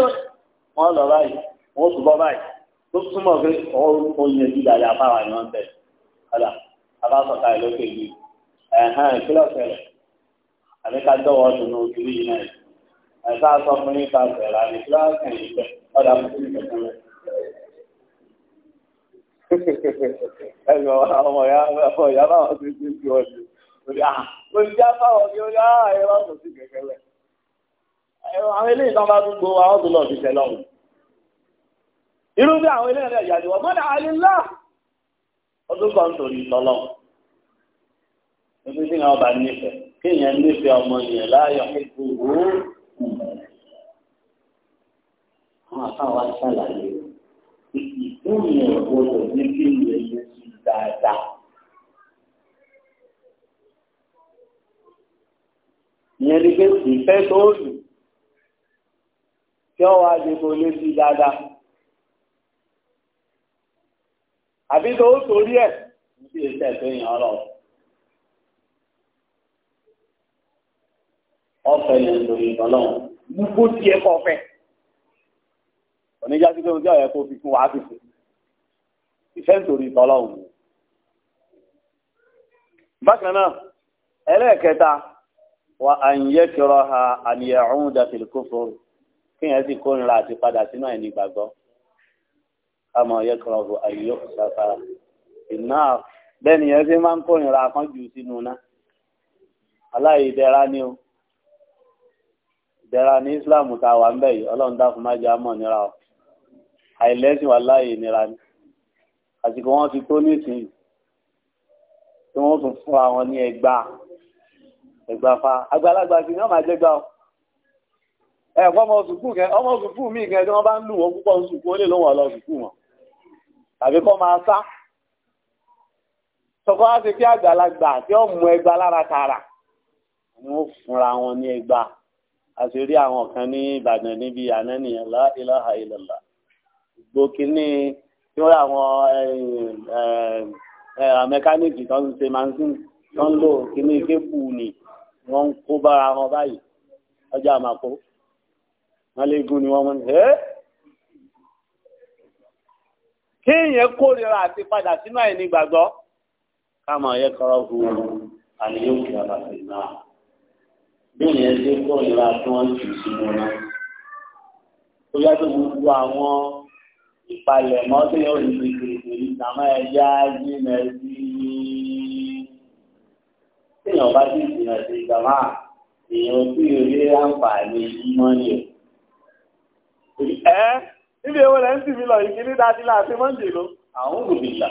wọn lọ báyìí wọn tún bọ báyìí tó súnmọ́ pé ọ̀rọ̀ yẹn ti dàda fáwọn èèyàn tẹ̀ ọ̀dà abáfọ̀tà ẹ̀ lókè yìí ẹ̀hán ìpínlẹ̀ ọ̀sẹ̀lẹ̀ àbí ká dọ̀wọ́ dùnú òkìrí yìí náà ẹ̀ka sọ fún yín pàṣẹ rà ní kíláàsì yìí pẹ̀ ọ̀dà fún yín pẹ̀lú rẹ̀. ẹ̀gbọ́n ọmọ ìyá ọmọ ìyá báwọn ti ti ti wọ́n ti lórí fáwọn ní orí àá ẹ̀rọ kò sí kẹ̀kẹ́ lẹ̀. àwọn eléyìí tán bá gbogbo àwọn tó lọ fi tẹ̀ lọ́wọ́ irú bí àwọn ilé rẹ̀ yàjọ mọ́dà àlìlá ọdún kan torí tọ́lọ́ ibi tí wọn bá nífẹ̀ẹ́ kí èèyàn nífẹ̀ẹ́ ọmọ yẹn láàyò ìgbòho àwọn àfáwà ṣàlàyé ìgbóhùn ọ̀gbọ́dọ̀ ní kí ìwé yẹn ti dáadáa. ìyẹn ni pé ìfẹ́ tó lù kí ọ wá dìbò lé sí dáadáa. àbí tó ó torí ẹ̀ níbi ìṣẹ́ tó yàn ọ́ lọ. ọ̀fẹ́ yẹn lórí ìtọ́lọ́run mú kó tiẹ̀ kọ́ fẹ́ oníjà sí pé ojú ọ̀yẹ́ kó fi fún wa fi fún ìfẹ́ nítorí ìtọ́lọ́run. bákan náà ẹlẹ́ẹ̀kẹta wa àyè kìrọ̀ ha àníyàn ọ̀hún dàtìlì kófòrò kí yẹn sì kórìíra àti padà sínú àìní gbàgbọ́ àmọ́ yẹ́kọ̀ọ́ ọ̀bù àyíyọ́ ṣàfà iná bẹ́ẹ̀ ni yẹn ṣe máa ń kórìíra akánjú sínú náà aláìdẹ́ra ni o ìdẹ́ra ní Islam tá a wà ń bẹ̀ yìí ọlọ́run dákun má jẹ́ àmọ́ nira o àìlẹ́sìn wà láàyè ìnira ni àsìkò wọn ti tó nísìnyí tí wọn tún fún àwọn ní ẹgbà ẹgbà fa àgbàlagbà sí ni wọn máa jẹgbà o ẹ ọmọ sùkúù kẹ ọmọ sùkúù míì kẹ tí wọn bá ń lù wọn púpọ̀ sùkúù ó lè lọ́wọ́ lọ sùkúù wọn tàbí kọ́ máa sá sọkọ́ á ti kí àgbàlagbà tí ó mú ẹgba lára tààrà wọ́n fúnra wọn ní ẹgba a sì rí àwọn kan ní Ìbàdàn níbi ànánìyàn lá ilaha illallah gbòkínní tí wọ́n àwọn eh, eh, eh, mẹkáníìkì tó ń ṣe mansin tó ń lò kíní kébù ni wọ́n kó bára wọn báyìí ọjà àmàkó wọ́n lé gún ni wọ́n mọ̀ ní ẹ́ kéèyàn kórìíra àti padà sínú àìní gbàgbọ́ káàmà yẹ kọ́rọ́ hu àníyàn kí a bá fi náà bí ènìyàn ṣe kórìíra tí wọ́n jù sínú náà ó yàtọ̀ gbogbo àwọn ìpalẹ̀mọ́ tí yóò rí ní kìrìkìrì àmọ́ ẹ̀yà jìnà sí i téèyàn bá ti jìnà sí ìjàmá èèyàn tí ò rí àǹfààní mọ́ni ẹ̀ níbi ewé rẹ̀ ń sì mí lọ ìkíní dáadé láti mọ́ǹdé ló àwọn òbí ìlà.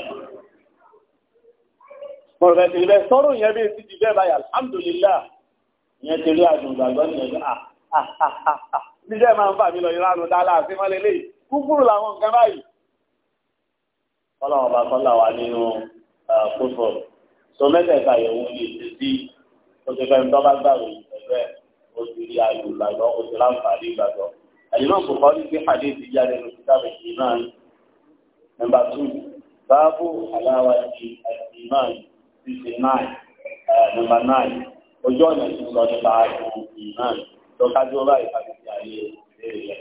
Mọ̀rẹ̀ ìrẹ̀ sọ́rọ̀ yẹn bí ti di bẹ́ẹ̀ báyà alhamdulillah yẹn ti rí àdùn gbàgbọ́ ní ẹ̀dọ́ à à à à níjẹ́ máa ń fà mí lọ ìlànà dáadáa àti mọ́lẹ̀ lé kúkúrú làwọn nǹkan báyìí. Ọlọ́run bá kọ́lá wa nínú kófò so mẹ́tẹ̀ẹ̀ta yẹ̀wò lè ṣe sí oṣù fẹ́mi tó bá gbàgbé ìgbẹ́gbẹ́ oṣù rí àdùn gbàgbọ́ oṣù láǹfààní gbàgbọ́. الإمام البخاري في حديث جاري من كتاب الإيمان نمبر 2 باب حلاوة الإيمان 59 نمبر 9 ojú ọ̀nà ìsọ̀rọ̀ nípa ìmọ̀ tó kájú ọlá ìpàdé ààyè ìbéèrè rẹ̀.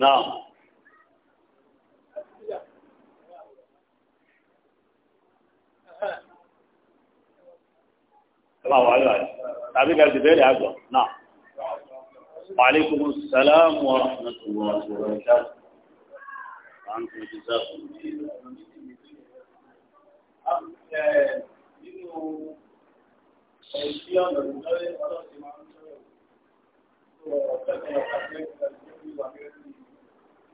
نعم الله عليك تعبيك الجبال عجوة نعم وعليكم السلام ورحمة الله وبركاته وعنكم جزاكم Thank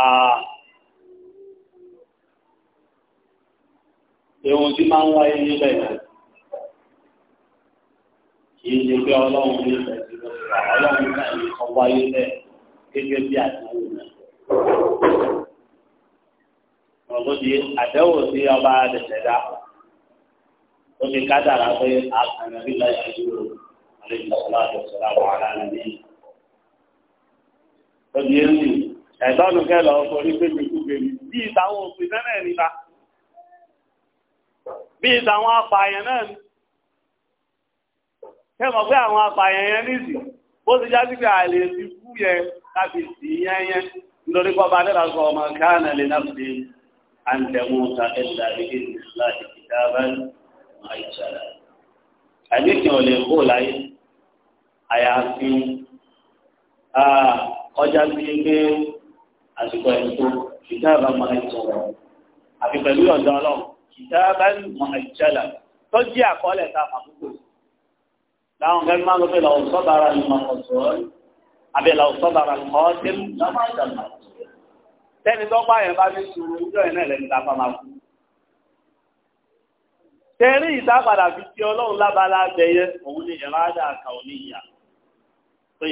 Ah. Ìwọ̀n tí máa ń wáyé nílẹ̀ ìlànà kì í pé ọlọ́run ní ìfẹ́ ọlọ́run náà ní ọwọ́ ayé bẹ́ẹ̀ gẹ́gẹ́ bí àdéhùn náà. ọ̀rọ̀ di àdéhùn sí ọba àdẹ̀sẹ̀dá ó ti ká pé àkànnà bí láyé ìlú àlejò ọ̀la àdẹ̀sẹ̀dá wà lára ní. ó di èyí ẹ̀dọ́nù kẹlẹ̀ ọkọ̀ orí pépè kúgbèmí bí òpin náà nípa bí ìtàwọn apààyàn náà ẹ mọ̀ pé àwọn apààyàn yẹn nìsí bó ti já sí pé àlè ti kú yẹn láti sì yẹn yẹn nítorí pé ọba adéla sọ ọmọ káànà lè náà fi àǹtẹ̀mú ta ẹ̀dá àdéhùn láti fi dábàá máa ìṣàlà. àdéhùn ò lè kó láyé àyàfi ọjà sí pé àsìkò ẹ̀ tó ìdáàbà máa ń sọ̀rọ̀ àfi pẹ̀lú ọ̀dọ́ ọlọ́run ìdáàbà máa ìṣàlà tó jí àkọọ́lẹ̀ ta àkókò sí láwọn fẹ́ máa ń pè lọ́wọ́ sọ́bàrà ni màá sọ ọ́ àbẹ̀ lọ́wọ́ sọ́bàrà ni màá ṣe mú lọ́wọ́ ìjàmbá. sẹ́ni tó bá yẹn bá ní sùúrù ọjọ́ yẹn náà lẹ́nu tá a fa máa kú. tẹ̀rí ìdápadà fi ti ọlọ́run lábala bẹ̀yẹ ni ìrádà àkà òní ìyá.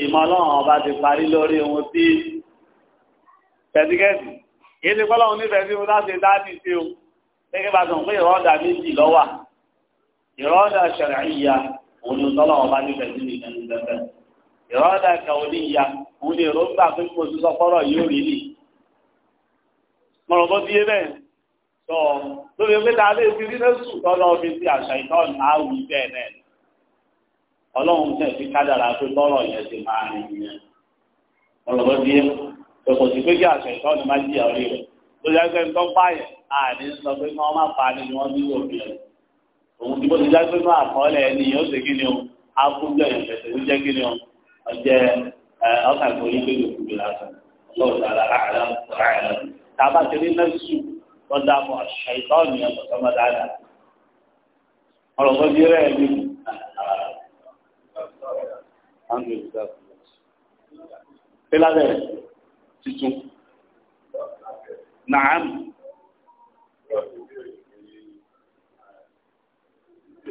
ìmọ̀ ọlọ́run ọba ti parí lórí ohun tí pẹ̀tíkẹ́tì kì í ti kọ́ lọ́run nífẹ̀ẹ́ sí mo láti dáàbì sí o gẹ́gẹ́ bá sọ pé ìrọ́dà méjì òun ni tọ́lọ́wọ́ bá nífẹ̀ẹ́ sí nìkan ní bẹ́ẹ̀ ìrọ́dà kan òní ìyá òun ni èròǹgbà pé kí mo ti sọ fọ́rọ̀ yóò rí nì. mọ̀rọ̀ ti yé bẹ́ẹ̀ tọ́ lórí pé ta lè fi rí lẹ́sù tọ́lọ́ fi ti àṣà ìtọ́nù àwù bẹ́ẹ̀ náà ọlọ́run tẹ̀ fi kádàrà pé tọ́rọ̀ yẹn ti máa rìn yẹn mọ̀rọ̀ ti yé kò sí pé kí àṣà ìtọ́nù má jìyà orí rẹ̀ lórí ẹgbẹ́ ń pààyàn àní sọ pé kí wọ́n má pa ni wọ́n nílò òbí rẹ̀ òun ti bó ti dágbé fún àkọọ́lẹ̀ ẹni yóò ṣe kí ni o akúndé ẹ̀fẹ̀sẹ̀ ló jẹ́ kí ni o ọjẹ́ ọkàn tó ní gbèdé òkú gbèdé àtọ̀ lọ́wọ́ sára àlá ọ̀rá ẹ̀rọ tàbá ti rí nẹ́sù tó dá mọ́ àṣà ìtọ́ ènìyàn tó sọ́mọ́ dáadáa ọ̀rọ̀ tó di rẹ̀ ní. Fíládẹ̀ tuntun. Nàámu.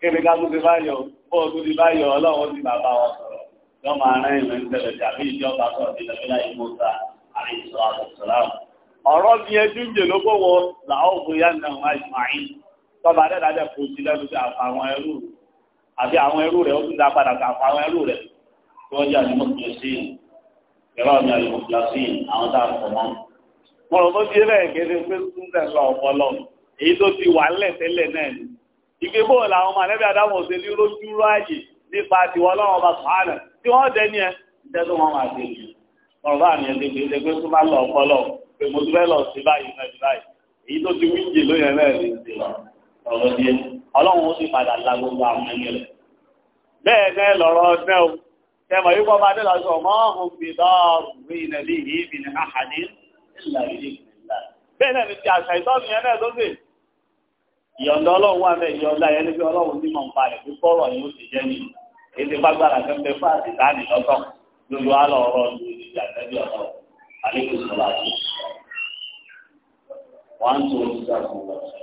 kébé ká tó ti báyọ̀ bó tó ti báyọ̀ ọlọ́run ti bàbá wọn sọ̀rọ̀ yọ máa rán ìwé ń tẹ̀lé tàbí ìjọba sọ̀rọ̀ ti lọ́wọ́ láyé mọ́tà àríṣọ àtọ̀sọ̀láwọ̀. ọ̀rọ̀ mi yẹn tún jè lóko wọn làwọn òfin yá nà wọn àìsàn tọ́ba dẹ́dàdẹ́ kò sí lẹ́nu sí àwọn ẹrú àbí àwọn ẹrú rẹ̀ ó tún dá padà sí àwọn ẹrú rẹ̀ tí wọ́n jẹ́ àdìmọ́tòlẹ́sì ìgbé bó làwọn ọmọ àlẹ́bí adámọ̀ òṣèlú lójú ráàyè nípa tiwọn ọlọ́run ọba sùhánà tí wọ́n dẹni ẹ jẹ́ tó wọn máa ṣe jù ọ̀rọ̀ bá mi ẹgbẹ́ pé ẹgbẹ́ tó máa lọ ọpọlọ pé mo tún fẹ́ lọ sí báyìí náà sí báyìí èyí tó ti wíńjì lóyún náà lè ṣe ọ̀rọ̀ díẹ̀ ọlọ́run ó sì padà la gbogbo àwọn ẹni rẹ̀ ìyọ̀ǹda ọlọ́run wà bẹ́ẹ̀ ìyọ̀ǹda yẹn níbi ọlọ́run ní mọ̀ nípa rẹ̀ pé bọ́ọ̀rọ̀ ni ó jẹ́ nìyí ètò ìfagbára kan bẹ fún àtìsáàdì lọ́tọ̀ lójú àlọ́ ọ̀rọ̀ ní ìjà tẹ́bí ọ̀tọ̀ àlékún sọ̀rọ̀ àti wọ́n tó ń sọ àwọn ọ̀rọ̀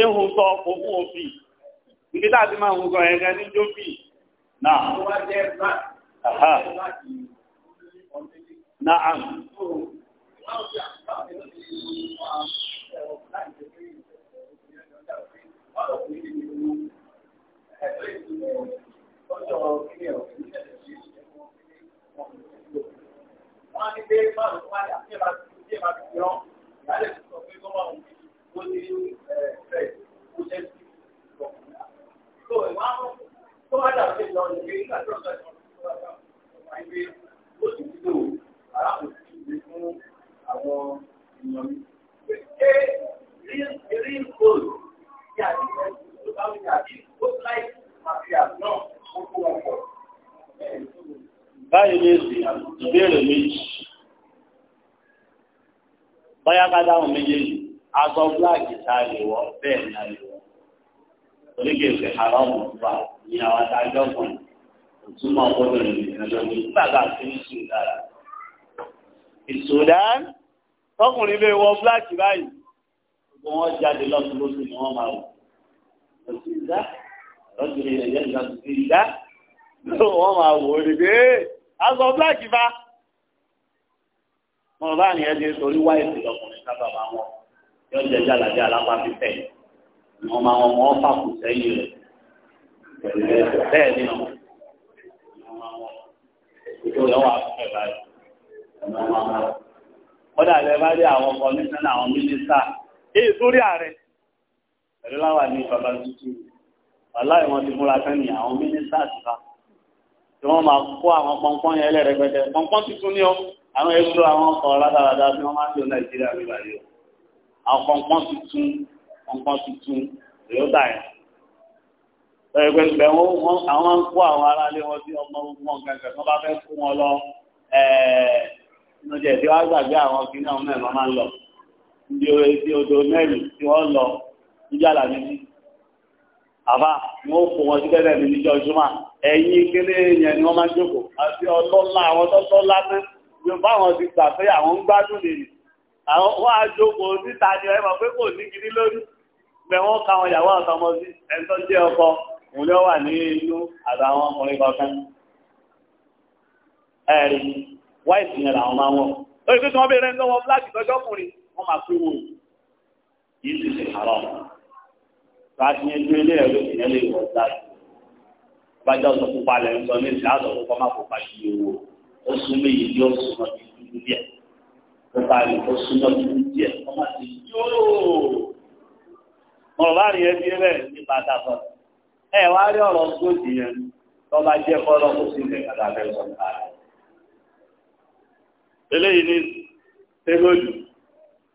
Ehu sọ òkú òfì. Ibi tá a ti máa ń ní Jófì. Náà. Na'am. Thank you báyìí ní èsì ìbéèrè méjì bóyá ká dáhùn méjèèjì aṣọ bíláàkì tá a lè wọ bẹ́ẹ̀ ni a lè wọ oníkèéfé haramu fa ní àwọn adájọ́ kan ìtumọ̀ ọgbọ́dọ̀ lè ní ìdájọ́ ní nígbà dára. Sudan tọkùnrin lè wọ fúláàkì báyìí gbogbo wọn jáde lọ́sùn lóṣù ni wọ́n máa wò lọ́sùn ìdá lọ́sùn ìrẹ̀lẹ̀ lọ́sùn ìdá ló wọ́n máa wò ó dìde aṣọ fúláàkì bá wọn bá nìyẹn ti sọ orí wáìsì lọkùnrin sábà máa wọn yọ jẹ jàlàjẹ alápá fífẹ wọn máa wọn wọn fà kù sẹ́yìn rẹ bẹ́ẹ̀ ni wọn máa wọn ìṣòro wọn wà fún ẹ báyìí kọ́dà lẹ bá rí àwọn kọmíṣánná àwọn mínísítà èyí sórí ààrẹ pẹ̀lú láwà ní bàbá tuntun wàláì wọn ti múra sẹ́ni àwọn mínísítà síta tí wọ́n máa kó àwọn pọnpọ́n yẹn lẹ́rẹ̀ẹ́gbẹ́dẹ pọnpọ́n tuntun ni ó àwọn èso àwọn ọkọ̀ rádaràda tí wọ́n máa ń lò nàìjíríà bí báyìí o àwọn pọnpọ́n tuntun pọnpọ́n tuntun èyí báyìí pẹ̀lẹ́pẹ̀lẹ́ àwọn máa ń kó àwọn aráalé wọn sí ọmọ ogun ọ̀gá lọ́jọ́ ẹ̀dí wá gbàgbé àwọn kìíní àwọn mẹ́rin máa ń lọ ibi orí odò mẹ́rin tí wọ́n lọ níjà làbí sí àbá wọn ò kó sí bẹ́ẹ̀ mi níjọ́ júmọ́ ẹ̀yìn kéré yẹn ni wọ́n máa ń jókòó àti ọlọ́lá àwọn tọ́tọ́ lásán yorùbá àwọn ti gbà pé àwọn ń gbádùn nìyí àwọn wọn á jókòó síta ni ẹ pé kò ní kiri lórí pé wọ́n ka àwọn ìyàwó àtọmọ sí ẹ̀ńtọ́ jẹ́ ọkọ òun ló wà ní inú àtàwọn ọkùnrin kọ̀ọ̀kan ẹ̀rí wáìtì yẹn làwọn máa wọ̀ lórí pé tí wọ́n bèèrè lọ́wọ́ bíláàkì lọ́jọ́ ọkùnrin wọ́n máa pé wọ́n yìí sì ṣe àrọ́ láti yẹn ju ilé ẹ̀rọ ìyẹn lè wọ̀ láti bájá ọ̀sán pupa lẹ̀ sọ ní ìsìn àtọ̀ pupa má pupa sí owó ó sún méjì yóò sún ọ ju dúdú díẹ̀ pupa rẹ̀ ó sún ọ ju dúdú díẹ̀ wọ́n má ti yóò mọ̀rọ̀ bá rìn ẹbí rẹ̀ nípa àtàkọ́ ẹ̀ wá rí ọ̀rọ̀ gbòdì yẹn tó bá jẹ́ fọ́lọ́ kò sí ìgbẹ̀kadà fẹ́ sọ̀tà rẹ̀ eléyìí ní tébòlù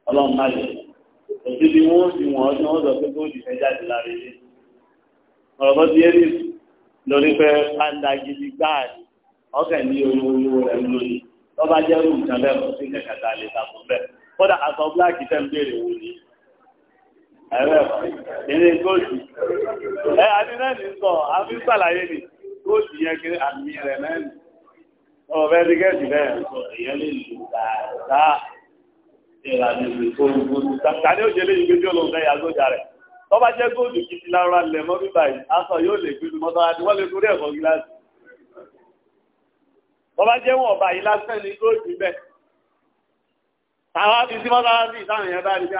ọlọ́run má lè òsì bí wọ́n sì wọ́n ní wọ́n sọ pé bóòlù fẹ́ jáde lára ilé ọ̀rọ̀ bọ́ ti yẹ́rì lórí pé pàǹdà gidi gbáà ni ọkẹ́ ní olówó rẹ̀ lórí lọ́ba jẹ́ rúùn kan bẹ́ẹ̀ kọ́ sí kẹ̀kẹ́ tá a lè ta fún bẹ́ẹ̀ kódà aṣọ bíláàkì tẹ́ ń béèrè wò ni ẹ̀rọ ìrìn góòlù ẹ̀ àti náà ní sọ àfi ń sàlàyé ni góòlù yẹn kiri àmì rẹ̀ náà ọ̀bẹ tíkẹ́ẹ̀tì bẹ́ẹ̀ èèyàn lè lò dáadáa ìlànà ìlú gbogbo tàbí ó jẹ lẹ́yìn gbé tí ó lòun lẹ́yìn agbójà rẹ̀ tọ́ba jẹ́ góòlù kìtì lára lẹ̀ mọ́ bíbá yìí aṣọ yóò lè gbé mọ́tò àti wọ́n lè torí ẹ̀kọ́ gíláàsì tọ́ba jẹ́ wọn ọba yìí lásán ní góòlù bẹ́ẹ̀ táwa fi sí mọ́sálásí ìtàn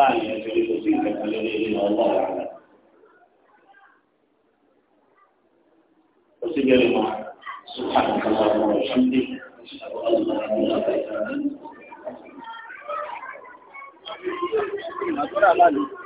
ah, lè torí سبيل الله سبحانك اللهم وبحمدك أشهد أن لا إله إلا أنت